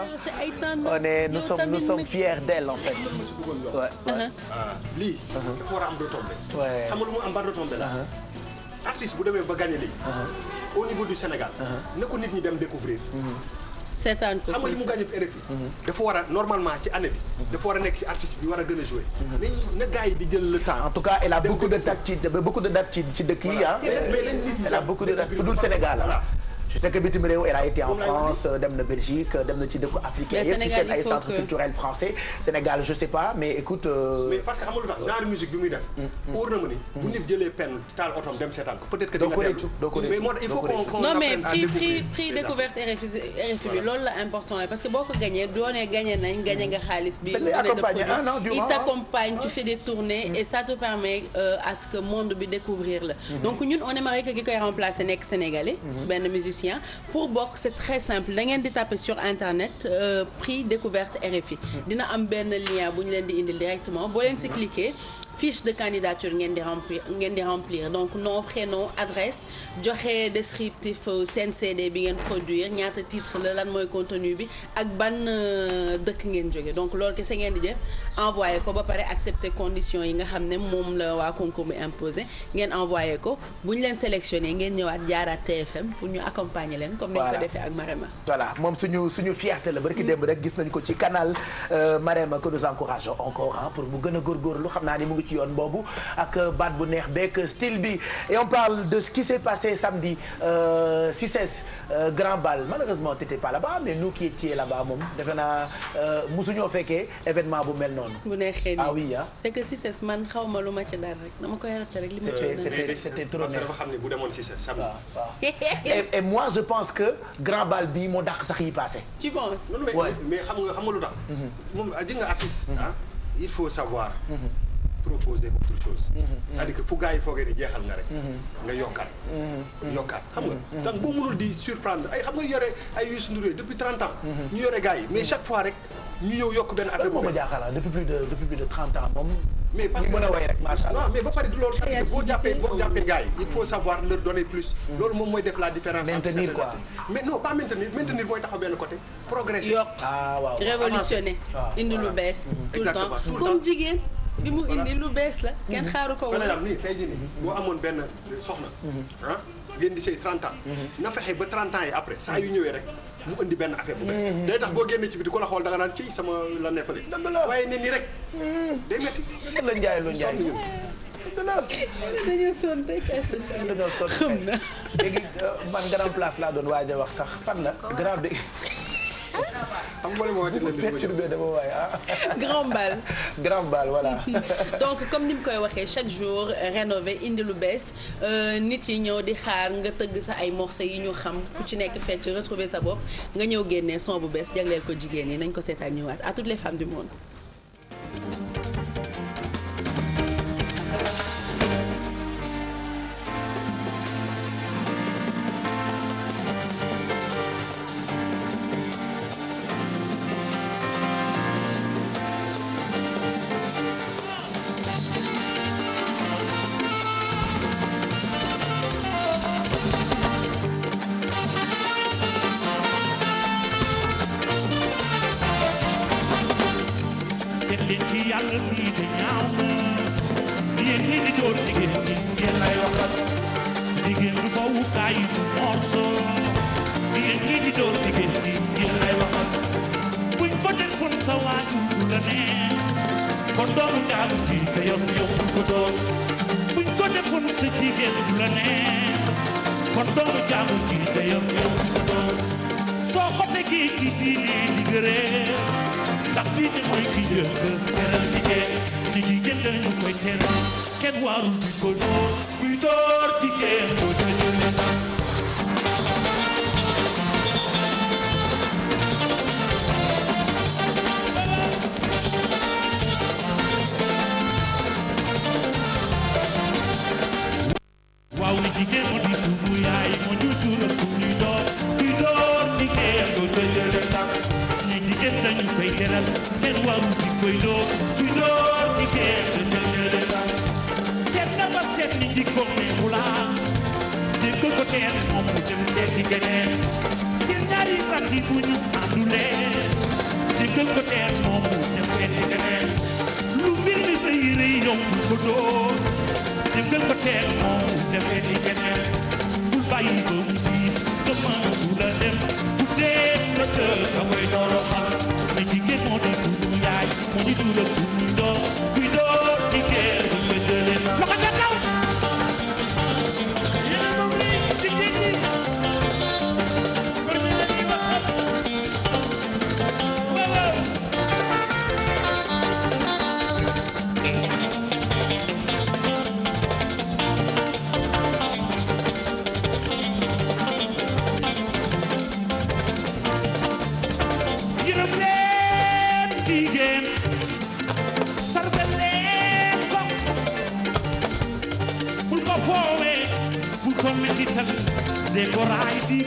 on est nous sommes nous sommes fiers d'elle en fait. Uh-huh. Ah, lii. dafa war a am retombée. waay xam nga lu mu am ban retombée la. Uh-huh. artiste bu demee ba gagné lii. Uh-huh. au niveau du Sénégal. na ko nit ñi dem découvrir. seetaan ko xam nga li mu gagné RFI. war a ci année a nekk ci artiste war a gën a joué. nañu na gars yi di jël le temps. en tout cas elle a beaucoup de dates ci beaucoup de dates ci dëkk yi ah. mais dul Sénégal ah. je sais que bitim réew elle a été en France euh, dem na Belgique euh, dem na ci dëkku africain yëpp centre culturel français Sénégal je sais pas mais écoute. Euh, parce que xam nga lu tax genre musique bi muy def. Mm, mm. wóor na ma ni bu mm. nit jëlee penn taal otoom dem seetaan ko peut-être que. doo ko réccu doo ko bi loolu la important parce que boo ko gagné doonee ah ah. tu fais des tournées et ça te permet à ce que monde bi découvrir la. Mm-hmm. donc ñun on aimerait musicien pour bokk c'est très simple da ngeen di taper sur internet euh, prix découverte RFI dina am benn lien bu ñu leen di indil directement boo leen si cliquer fiche de candidature ngeen di remplir ngeen di remplir donc nom prénom adresse joxe descriptif seen euh, CD bi ngeen produire ñaata titre la lan mooy contenu bi ak ban euh, dëkk ngeen jóge donc loolu kese ngeen di def envoyé ko ba pare accepter conditions yi nga xam ne moom la waa concours bi imposé ngeen envoyé ko bu ñu leen sélectionné ngeen ñëwaat jaaraat TFM pour ñu accompagner leen. comme ni ñu ko defee ak Marema. voilà moom suñu suñu fierté la. barki démb rek gis nañ ko ci canal euh, Marema a góorgóorlu ci yoon boobu ak baat bu neex beeg style bi et on parle de ce qui s'est passé samedi euh, 6 euh, grand bal malheureusement t'étais pas là-bas mais nous qui étions là-bas moom defe naa euh, mosuñoo fekkee événement bu mel noonu. bu neexee ah oui ah. c'est que 6 man xaw ma lu ma ci dara rek dama koy raté rek li ma ci c'était c'était trop neex. dafa xam ne bu demoon 6 samedi. waaw ah, ah. waaw et moi je pense que grand bal bi moo dàq sax yi passé. tu penses. mais xam nga xam nga lu tax. Mhm. moom ji ah, nga artiste. Mhm. il faut savoir. Mhm. proposer autre chose. Mm-hmm. Mm-hmm. c'est-à-dire fu gars foogee ni jeexal nga rek. Mm-hmm. nga yokkaat. yokkaat xam nga. donc boo mënul di surprendre ay xam nga yore ay Youssou Ndour depuis trente ñu yore gars mais chaque fois rek ñu ñëw yokk benn affaire bu bees. jaaxal depuis depuis plus de trente moom. mais parce que a way rek macha mais ba pare loolu. boo jàppee boo il faut savoir leur donner plus. loolu moom mooy def la différence. maintenir quoi mais non pas maintenir maintenir bi mu indi lu bees la. kenn mhm. xaaru ko woon nii tey jii nii boo amoon benn soxna. Mhm. ah ngeen di sëy 30 ans. Mhm. na fexe ba 30 ans yi après saa yu ñëwee rek mu indi benn affaire bu bees. day tax boo génnee ci biti ku la xool danga naan ci sama la neefale. dëgg la waaye ne nii rek. day métti. la njaay lu njaay sonn dañoo sonn tey kay. dañoo xam na léegi man euh, grand place laa doon waaj a wax sax fan la ah. grand bi. am mboolem moo ci leen perturbé dama waay ah. grand bal. donc comme ni mu koy waxee chaque jour rénover indi lu bees euh, nit yi ñëw di xaar nga tëgg sa ay morceaux yi ñu xam ku ci nekk fecc retrouver sa bopp nga ñëw génnee son bu bees jagleel ko jigéen yi nañ ko seetaan ñëwaat à toutes les femmes du monde. bëgg neex kon doomu daalu bi te yow yóbbu ko doon buñ ko defoon sa jigéen bu la neex kon doomu daalu bi te yow yóbbu ko doon soo ko tegee ci diine di gëree ndax diine mooy ki jël teral jigéen di jigéen dañu koy teral kenn warul bi ko doon buy door jigéen ko jëlee keneen seen ñaari rakk yi bu ñu àndulee digal ko teel moom mu dem fenn keneen lu mbir mi sa yére yow bu ko dóor digal ko teel moom mu dem fenn keneen bul bàyyi ba mu diis demain bu la dem bu dee la ca ka koy dooro xam mais jigéen yaay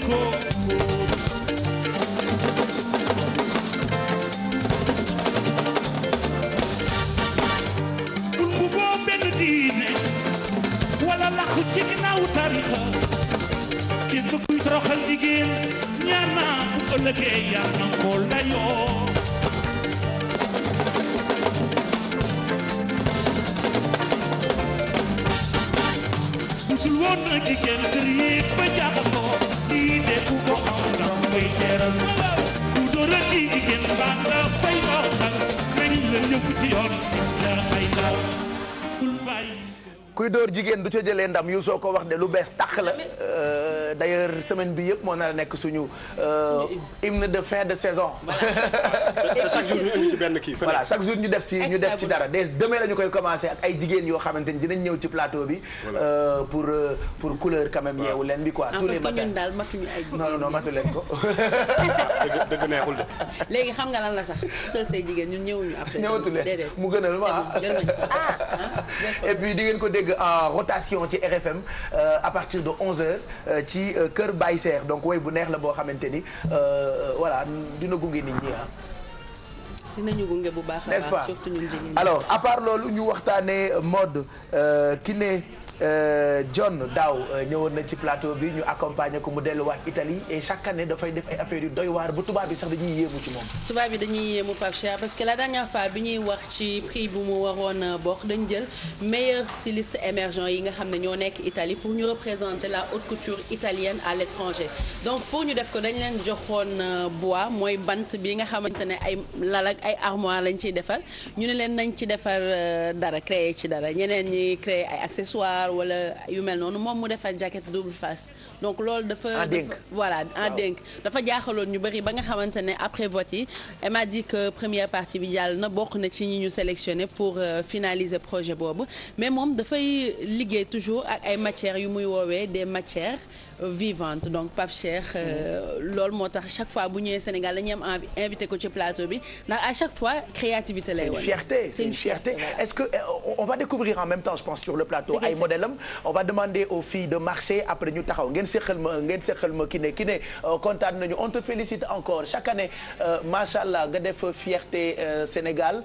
Jogo. musul woon na jigéen kër yépp ba jaxasoo lii de ku ko xam nga koy teral du dorati jigéen baa nga fay ba xal nañ la ñëpp ci yoon la ay ndaw bul bàyyi kuy dóor jigéen du ca jëlee ndam yu soo ko wax de lu bees tax la euh, d'ailleurs semaine bi yëpp moo na la nekk suñu euh, hymne de fin de saison voilà chaque jour ñu def ci ñu def ci dara de demain la ñu koy commencé ak ay jigéen yoo xamante ni dinañ ñëw ci plateau bi euh, pour pour couleur quand même yeewu leen bi quoi ah, tous les matins non non matu leen ko dëgg neexul de léegi xam nga lan la sax soo say jigéen ñun ñëwuñu après ñëwatu leen mu gënal ma ah, et puis di ngeen ko dégg en rotation ci RFM euh, à partir de 11 euh, ci euh, Kër Baye Serre donc woy bu neex la boo xamante ni voilà dina gunge nit ñi ah. dinañu gunge bu baax n'est-ce pas surtout ñun jigéen alors à part loolu ñu waxtaanee mode euh, ki ne euh, John daaw euh, ñëwoon na ci plateau bi ñu accompagner ko mu delluwaat Italie et chaque année dafay def ay affaires yu doy waar bu tubaab bi sax dañuy yéemu ci moom. tubaab bi dañuy yéemu Pape Cheikh parce que la dernière fois bi ñuy wax ci prix bu mu waroon bokk dañ jël meilleur styliste émergent yi nga xam ne ñoo nekk Italie pour ñu représenter la haute couture italienne à l'étranger donc pour ñu def ko dañ leen joxoon bois mooy bant bi nga xamante ne ay lal ay armoire lañ ciy defar ñu ne leen nañ ci defar euh, dara créer ci dara ñeneen ñi créer ay accessoires wala yu mel noonu moom mu defar jaquette double face donc loolu dafa voilà en dénk dafa jaaxaloon ñu bëri ba nga xamante ne après vote yi elle m'a dit que première partie bi jàll na bokk na ci ñi ñu sélectionné pour euh, finaliser projet boobu mais moom dafay liggéey toujours ak ay matières yu muy woowee des matières vivante donc Pape Cheikh euh, loolu moo tax chaque fois bu ñëwee Sénégal dañuy am invité ko ci plateau bi ndax à chaque fois créativité lay wane. c'est une fierté est-ce que euh, on va découvrir en même temps sur le plateau ay modèle am on va demander aux filles de marché après ñu taxaw ngeen seqal ma ngeen seqal ma ki ne ki ne euh, kontaan nañu on te félicite encore chaque année macha allah nga def fierté Sénégal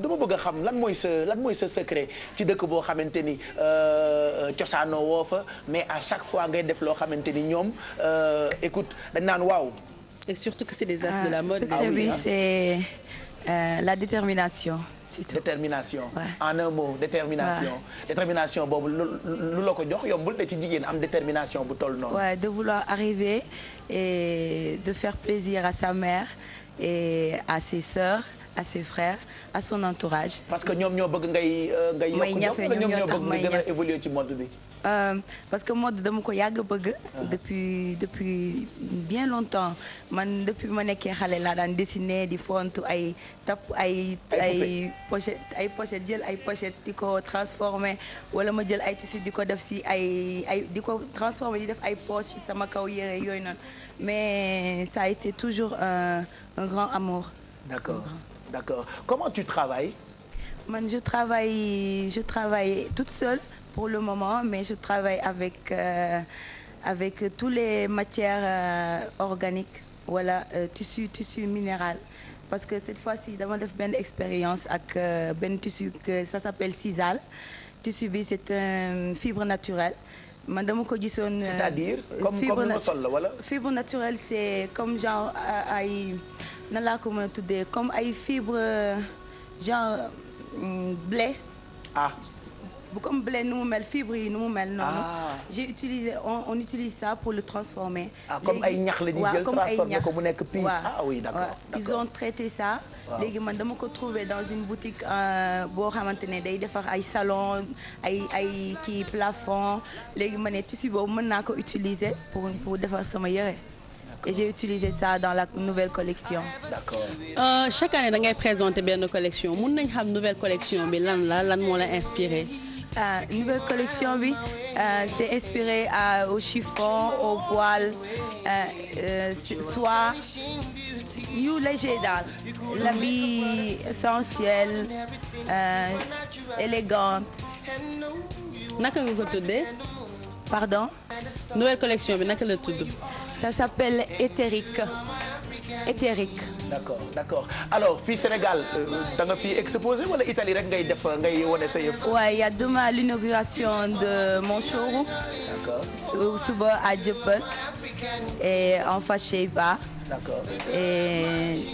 dama bëgg a xam lan mooy sa lan mooy sa secret ci dëkk boo xamante ni cosaanoo woo fa mais chaque fois. fois ngay def loo xamante ni ñoom euh, écoute dañ naan waaw. et surtout que c'est des as de la ah, mode. Ah ah. euh, la détermination. détermination ouais. en un mot détermination détermination boobu lu la ko jox yombul da ci jigéen am détermination bu toll noonu ouais de vouloir arriver et de faire plaisir à sa mère et à ses sœurs à ses frères à son entourage parce que ñoom ñoo bëgg ngay euh, ngay yokk ñoom ñoo bëgg nga gën a évoluer ci monde bi Euh, parce que mode dama ko yàgg bëgg. depuis depuis bien longtemps man depuis ma nekkee xale laa daan dessiner di fontu ay tap ay. ay pochette ay pochette jël ay pochette di ko transformer wala ma jël ay tissu di ko def si ay ay di ko transformer di def ay poche sama kaw yére yooyu noonu mais ça a été toujours un un grand amour. d'accord comment tu travailles. je travaille je travaille pour le moment, mais je travaille avec, euh, avec toutes les matières euh, organiques, voilà, euh, tissu, tissu minéral. Parce que cette fois-ci, d'abord, j'ai une expérience avec euh, un tissu que ça s'appelle sisal. Tissu B, c'est une fibre naturelle. man dama ko gisoon. c'est-à-dire comme comme lu ma sol la wala. fibre naturelle c'est comme genre ay nan laa ko mën a tuddee comme ay fibre genre mm, blé. ah bu comme blé nu mu mel fibre yi nu mu mel noonu ah. j'ai utilisé on, on utilise ça pour le transformer ah comme ay ñax la ñuy jël transformer ko mu nekk piis ah oui d'accord ils ont traité ça léegi man dama ko trouvé dans une boutique euh, boo xamante ne day defar ay salon ay ay kii plafond léegi ma ne tissu boobu mën naa ko utiliser pour pour defar sama yére et j'ai utilisé ça dans la nouvelle collection. d'accord euh, chaque année da ngay présenter benn collection mën nañ xam nouvelle collection bi lan la lan moo la inspiré. Euh, nouvelle collection bi euh, c'est inspiré euh, au chiffon au voile soie yu léger daal l'habit sensuel élégante naka nga ko tuddee pardon nouvelle collection bi naka la tudd ça s'appelle éthérique éthérique. d'accord d'accord alors fii Sénégal euh, da nga fii exposé wala Italie rek ngay def ngay wane sa yëf. waaw a demain l'inauguration de mon suba à Dieuppeul et en Fashiba. D'accord. Et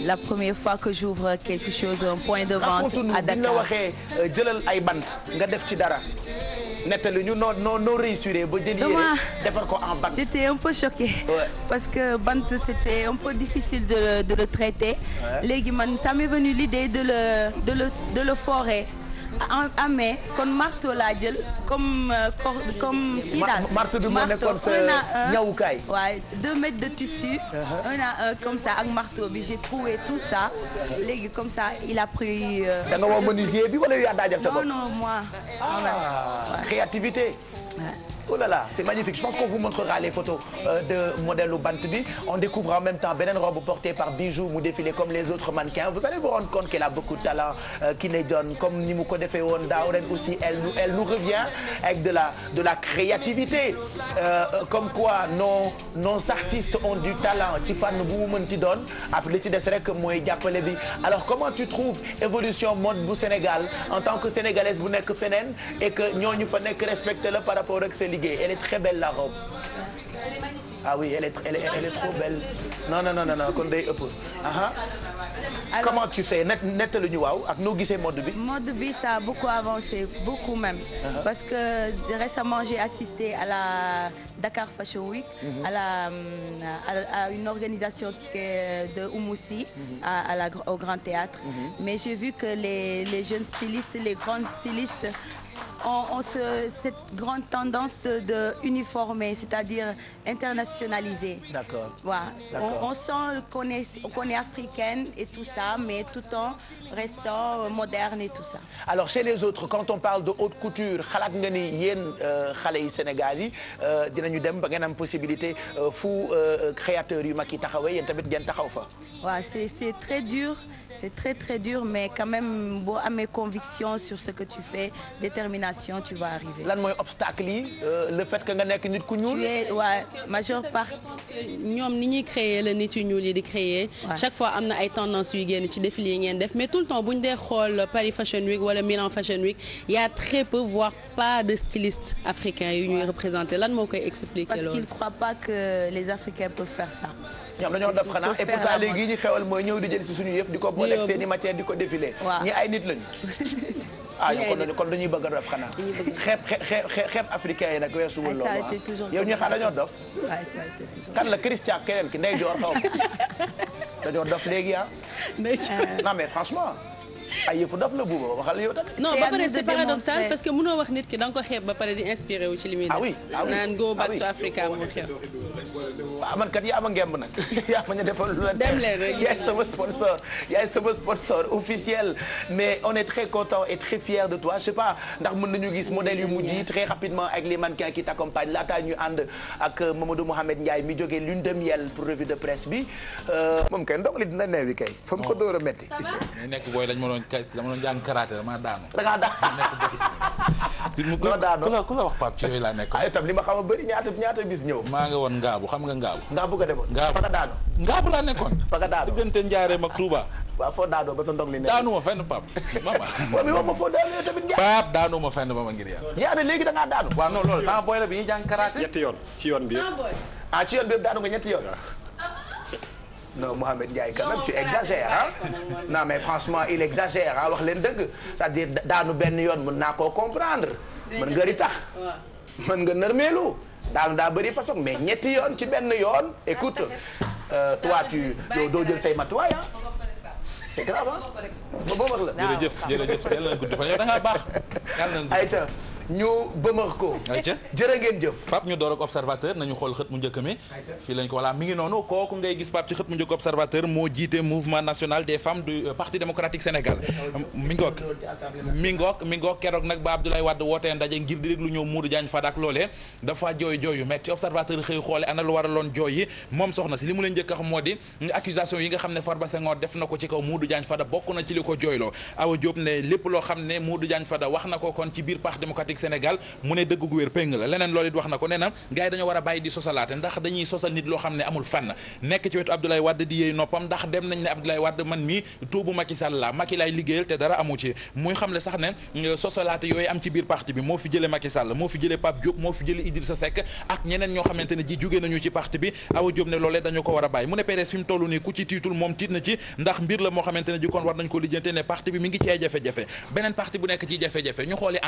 la première fois que j'ouvre quelque chose un point de vente à Dakar. Raconte-nous, waxee euh, jëlal ay bant nga def ci dara. nettali ñu noo noo noo réussiré ba jëli yére defar ko en bant. j'étais un peu choquée. Ouais. parce que bant c'était un peu difficile de de le traiter. léegi man ça m'est venu l'idée de le de le de le forer. amee kon marteau laa jël comme euh, comme kii daal marteau bi moo nekkoon sa ñawukaay waaye deux mètres de tissu uh-huh. un à un comme ça ak marteau bi j'ai trouvé tout ça uh-huh. léegi comme ça il a pris euh, da nga woo menuisier bi wala yu yaa daajal sa bopp non non moi ah, créativité oh là là c'est magnifique je pense qu'on vous montrera les photos euh, de modèle bant bi on découvre en même temps beneen robe portée par Bijou mu défilé comme les autres mannequins vous allez vous rendre compte qu'elle a beaucoup de talent Kiné euh, John comme ni mu ko defee woon aussi elle nous revient avec de la créativité euh, comme quoi nos artistes ont du talent ci fànn bu après li ci évolution mode bu Sénégal en tant que sénégalaise bu nekk feneen et que ñooñu liggéey elle est très belle la robe. ah oui elle est elle est, elle est trop belle non non non non kon day ëpp. comment tu fais net nettalu ñu waaw ak noo gisee mode bi. mode bi ça a beaucoup avancé beaucoup même. Uh -huh. parce que récemment j'ai assisté à la Dakar Fashion Week. Uh mhm. -huh. à la à, à une organisation euh, de Oumoussi. Uh mhm. -huh. à, à la au Grand Théâtre. Mhm. mais j'ai vu que les les jeunes stylistes les grandes stylistes on, on se, cette grande tendance de uniformer, c'est-à-dire internationaliser. D'accord. Voilà. On, on, sent qu'on est, qu est, africaine et tout ça, mais tout en restant euh, moderne et tout ça. Alors, chez les autres, quand on parle de haute couture, xalaat nga ni yéen euh, xale yi Sénégal yi euh, dinañu dem ba ngeen am possibilité fu créateurs yu mag yi taxawee yéen tamit ngeen taxaw fa. c'est très dur. c'est très très dur mais quand même boo amee conviction sur ce que tu fais détermination tu vas arriver. lan mooy obstacle yi euh, le fait que nga nekk nit ku ñuul. tu waa majeure partie. ñoom ni ñuy créer la nit yu ñuul yi di créer. chaque fois am na ay tendances yu génn ci défilé yi ngeen def mais tout le temps bu ñu dee xool Paris Fashion Week wala Milan Fashion Week y a très peu voire pas de stylistes africains yu ñuy représenté lan moo koy expliquer loolu. parce qu'ils croient pas que les Africains peuvent faire ça. ñoom dañoo daf xanaa et pourtant léegi ñu xewal mooy ñëw di jël si suñu yëf di ko boole ak seen i matière di ko défilé ñi ay nit lañu ah kon dañuy kon dañuy bëgg a dof xanaa. xeeb africain yi nag weesuwul loolu ah. yow ñu xam dañoo dof. kan la Christian keneen ki ndey joor xaw ma dañoo dof léegi ah. non mais franchement. ay yëfu daf la buuba waxal yow tamit. non ba pare c'est paradoxal parce que mënoo wax nit ki da nga ko xeeb ba pare di inspiré wu ci li muy def. ah oui ah oui naan go back ah to Africa mu xew. ah man kat yaa ma ngemb nag yaa ma ñu defal lu la dem leen rek yaay sama sponsor yaay sama sponsor officiel mais on est très content et très fier de toi je pas ndax mën nañu gis modèle yu mujj très rapidement ak les mannequins qui t'accompagnent laataa ñu ànd ak Mamadou Mohamed Ndiaye mi jógee lune de miel pour revue bi euh, moom kay ndox dañ ma kay dama doon jàng karaté dama daanu. da ngaa daanu da daanu ku la ku la wax Pape ci yooyu laa nekk. ay ah, itam li ma xam a bëri ñaata bis ñëw. maa nga woon ngaabu xam nga ngaabu. ngaabu nga demoon ngaabu fa nga ma fenn Pape. mama waaw ma foo ba ma ngir yaa ne léegi da ngaa daanu. waaw non loolu temps la bi ñuy jàng karaté. ñetti ci yoon bi yëpp. Ah, ah, ci yoon bi yëpp nga ñetti no Mouhamed Ndiaye quand même tu exagères ah non mais franchement il exagère ah wax leen dëgg cest dire daanu benn yoon mën naa koo comprendre mën nga tax mën nga nërmeelu daanu daa bëri façon mais ñetti yoon ci benn yoon écoute euh, toi tu yow say matuwaay ah c'est grave ah ba ba wax la jërëjëf jërëjëf yàlla na gudd fan yow da ngaa baax yàlla na ñu bëmëx ko. ayca jërë ngeen jëf. Pape ñu door ak observateur nañu xool xët mu njëkk mi. fii lañ ko voilà mi ngi noonu kooku ngay gis Pape ci xët njëkk observateur moo jiite mouvement national des femmes du euh, parti démocratique Sénégal. Euh, mi ngoog mi ngoog keroog nag ba Abdoulaye Wade wootee ndaje ngir di déglu ñëw Modou Diagne Fada ak loolee dafa jooy jooy yu metti observateur xëy xoole ana lu waraloon jooy yi moom soxna si li mu leen njëkk a moo di accusation Sénégal mu ne dëgg gu wér péng la leneen loolu it wax na ko nee na gars war a bàyyi di sosalaate ndax dañuy sosal nit loo xam ne amul fenn nekk ci wetu Abdoulaye Wade di yéey noppam ndax dem nañ ne Abdoulaye Wade man mii tuubu Macky Sall la Macky laay liggéeyal te dara amu ci muy xam le sax ne euh, sosalaate yooyu am ci biir parti bi moo fi jële Macky Sall moo fi jële Pape Diop moo fi jële Idrissa Seck ak ñeneen ñoo xamante ne ji jóge nañu ci parti bi Awa Diop ne loolee dañu ko a bàyyi mu ne toll nii ku ci tiitul moom tiit na ci ndax mbir xamante ne ji kon war nañ ko lijjante ne parti bi mi ngi ci ay jafe-jafe bu nekk ci jafe-jafe ñu xooli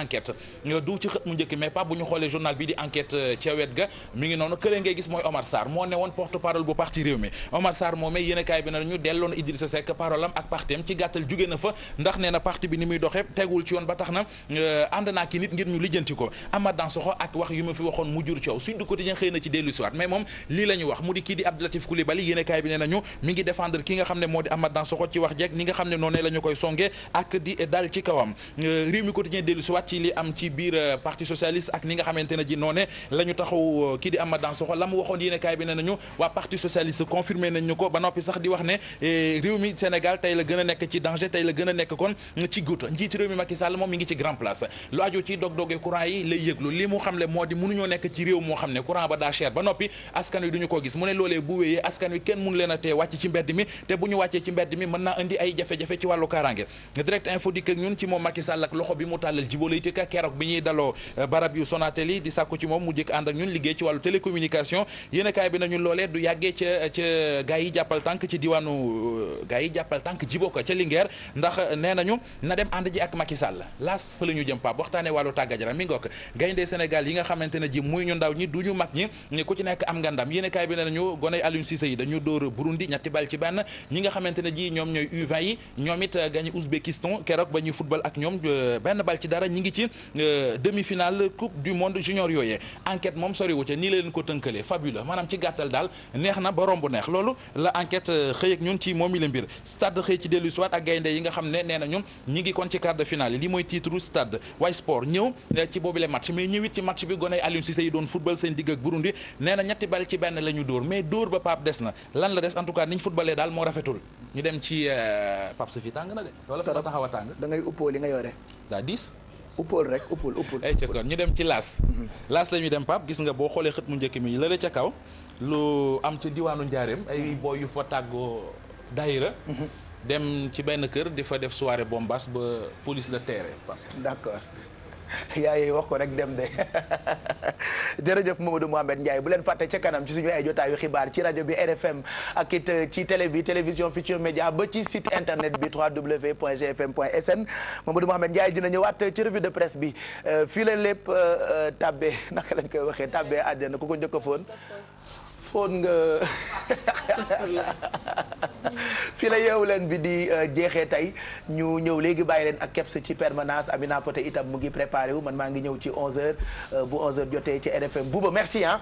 ñoo du ci xët mu njëkk mais pas bu ñu xoolee journal bi di enquête euh, ca wet ga mi ngi noonu kële ngay gis mooy Omar Sarr moo ne woon porte parole bu parti réew mi Omar Sarr moom may yéenekaay bi na ñu delloon Idrissa Seck parole am ak partem ci gàttal jugee na fa ndax nee parti bi ni muy doxee tegul ci yoon ba tax na euh, ànd naa ki nit ngir ñu lijjanti ko Amath Dansokho ak wax yu ma fi waxoon mu jur coow Sud Quotidien xëy na ci dellu siwaat mais moo biir euh, parti socialiste ak ni nga xamante ne ji noo ne la ñu taxaw euh, kii di Amath Dansokho la mu waxoon yéene bi ne nañu waa parti socialiste confirmé nañ ko ba noppi sax di wax ne eh, réew mi Sénégal tey la gën a nekk ci danger tey la gën a nekk kon ci guut njiiti réew mi Macky moom mi ngi ci grand place lu aju ci dog-doge courant yi lay yëglu li mu xam le moo di mënuñoo nekk ci réew moo xam ne courant ba daa cher ba noppi askan wi duñu ko gis mu ne loolee ñuy daloo euh, barab yu Sonatel yi di sàkku ci moom mu a kaay bi nañu loolee du euh, ndax euh, nee nañu na dem ànd ji ak Macky laas fa la ñu jëm Pape waxtaanee wàllu tàggat yaram mi ngokk gaynde Sénégal yi nga xamante ne ji muy ñu ndaw ñi du ñu mag ñi ku ci nekk am nga ndam yéen a kaay bi nee nañu gone yi dañu dóor Burundi ñetti bal ci benn ñi nga xamante ne ji ñoom ñooy U20 yi ñoom it gagné keroog ba ñuy football ak ñoom benn bal ci dara ñi ngi ci demi-finale coupe du monde junior yooyee enquête moom soriwu ca nii la leen ko tënkalee fabuleux maanaam ci gàttal daal neex na ba romb neex loolu la enquête euh, xëy ak ñun ci moom i la mbir stade xëy ci dellu soit ak gaynde yi nga xam ne nee na ñun ñi ngi kon ci quart de finale li mooy titre stade waaye sport ñëw euh, ci boobule match mais ñëwit ci match bi gone Aliou Cissé yi doon football seen digg ak Burundi nee na ñetti bal ci benn la dóor mais dóor euh, da ngay li nga yore uppal rek uppal uppal. ay ca kon ñu dem ci laas. laas la ñuy dem Pape gis nga boo xoolee xët mu njëkk mi lële ca kaw lu am ci diwaanu Njaareem ay booy yu fa tàggoo daayira mhm. dem ci benn kër di fa def soirée bombas ba police la teere. d'accord. yaay wax ko rek dem de jërëjëf Mamadou Mouhamed Ndiaye bu leen fàtte ca kanam ci suñu ay jotaayu xibaar ci rajo bi RFM ak it euh, ci télé bi télévision Futurs Médias ba ci site internet bi www.gfm.sn Mamadou Mouhamed Ndiaye dina ñëwaat ci revue de presse bi euh, fii la lépp euh, tabbe naka lañ koy waxee tabbe àjjana ku ko njëkk a foon fóon nga fi la yeewu leen bi di euh, jeexee tey ñu ñëw léegi bàyyi leen ak keps ci permanence Amina Poté itam mu ngi préparé wu man maa ngi ñëw ci 11h euh, bu 11h jotee ci RFM Bouba merci ah.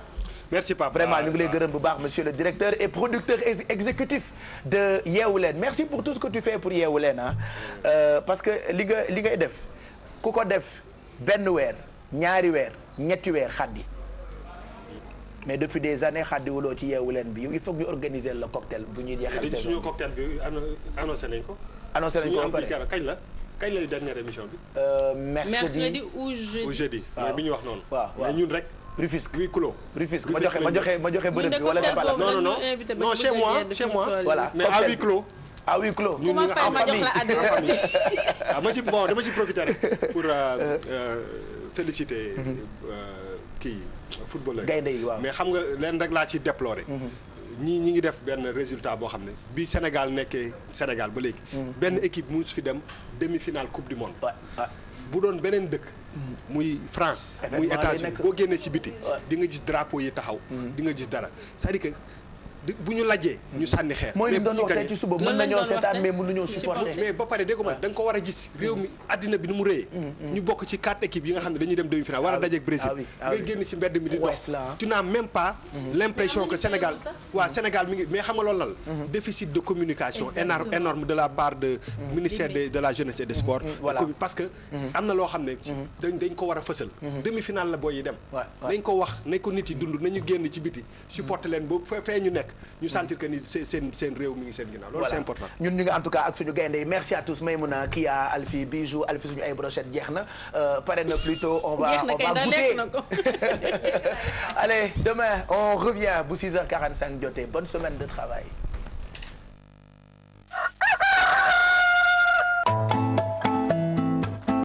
merci papa vraiment ñu ngi lay ah. gërëm bu baax monsieur le directeur et producteur exécutif de yeewu leen merci pour tout ce que tu fais pour yeewu leen ah. parce que li nga li ngay def ku ko def benn weer ñaari weer ñetti weer xaddi. mais depuis des années xàddiwuloo ci yeewu leen bi il faut que ñu organiser le cocktail bu ñuy jeexal saison bi suñu cocktail bi annoncé nañ ko. annoncé nañ ko ba pare kañ la kañ la dernière émission bi. Euh, mercredi ou jeudi bi ñu wax noonu. waaw mais ñun rek. Rufisque oui clos. Rufisque ma joxe ma joxe ma joxe bërëb bi wala c'est pas là non non non non chez moi chez moi voilà mais à huis clos. à clos ñun ñu nga en famille ah ma ci bon dama ci profiter rek pour euh, euh, féliciter mm-hmm. kii. footballeur gaynde yi waaw mais xam nga leen rek laa ci déploré mhm. ñii ñi ngi def benn résultat boo xam ne bi Sénégal nekkee Sénégal ba léegi mhm. benn équipe mu su fi dem demi-finale coupe du monde bu doon beneen dëkk mhm. muy France muy États-Unis boo génnee ci biti di nga gis drapeau yi taxaw di nga gis dara cest à bu ñu lajjee ñu sànni xeer mooy li doon wax tey ci suba mën nañoo seetaan mais mënuñoo supporter mais man da ko war a gis réew mi àddina bi nu mu réyee mm, mm. ñu bokk ci quatre équipes yi nga xam ne dañuy dem demi final war a ah dajeek Brésil ah ah ngay génn ci mbedd mi di dox tu n'as même mm, l'impression que Sénégal waa Sénégal mi ngi mais xam nga loolu lan déficit de communication énorme énorme de la part de ministère de la jeunesse parce que am na loo xam ne dañ ko war a fësal demi final la booy yi dem nañ ko wax ñu sentir que ni seen seen réew mi ngi seen ginnaaw loolu c'est important ñun ñu ngi en tout cas ak suñu gaynde yi merci à tous Maymouna Kia Alfi Bijou Alfi suñu ay brochette jeex na euh, pare na plutôt on va on va goûter allez demain on revient bu 6h45 jotee bonne semaine de travail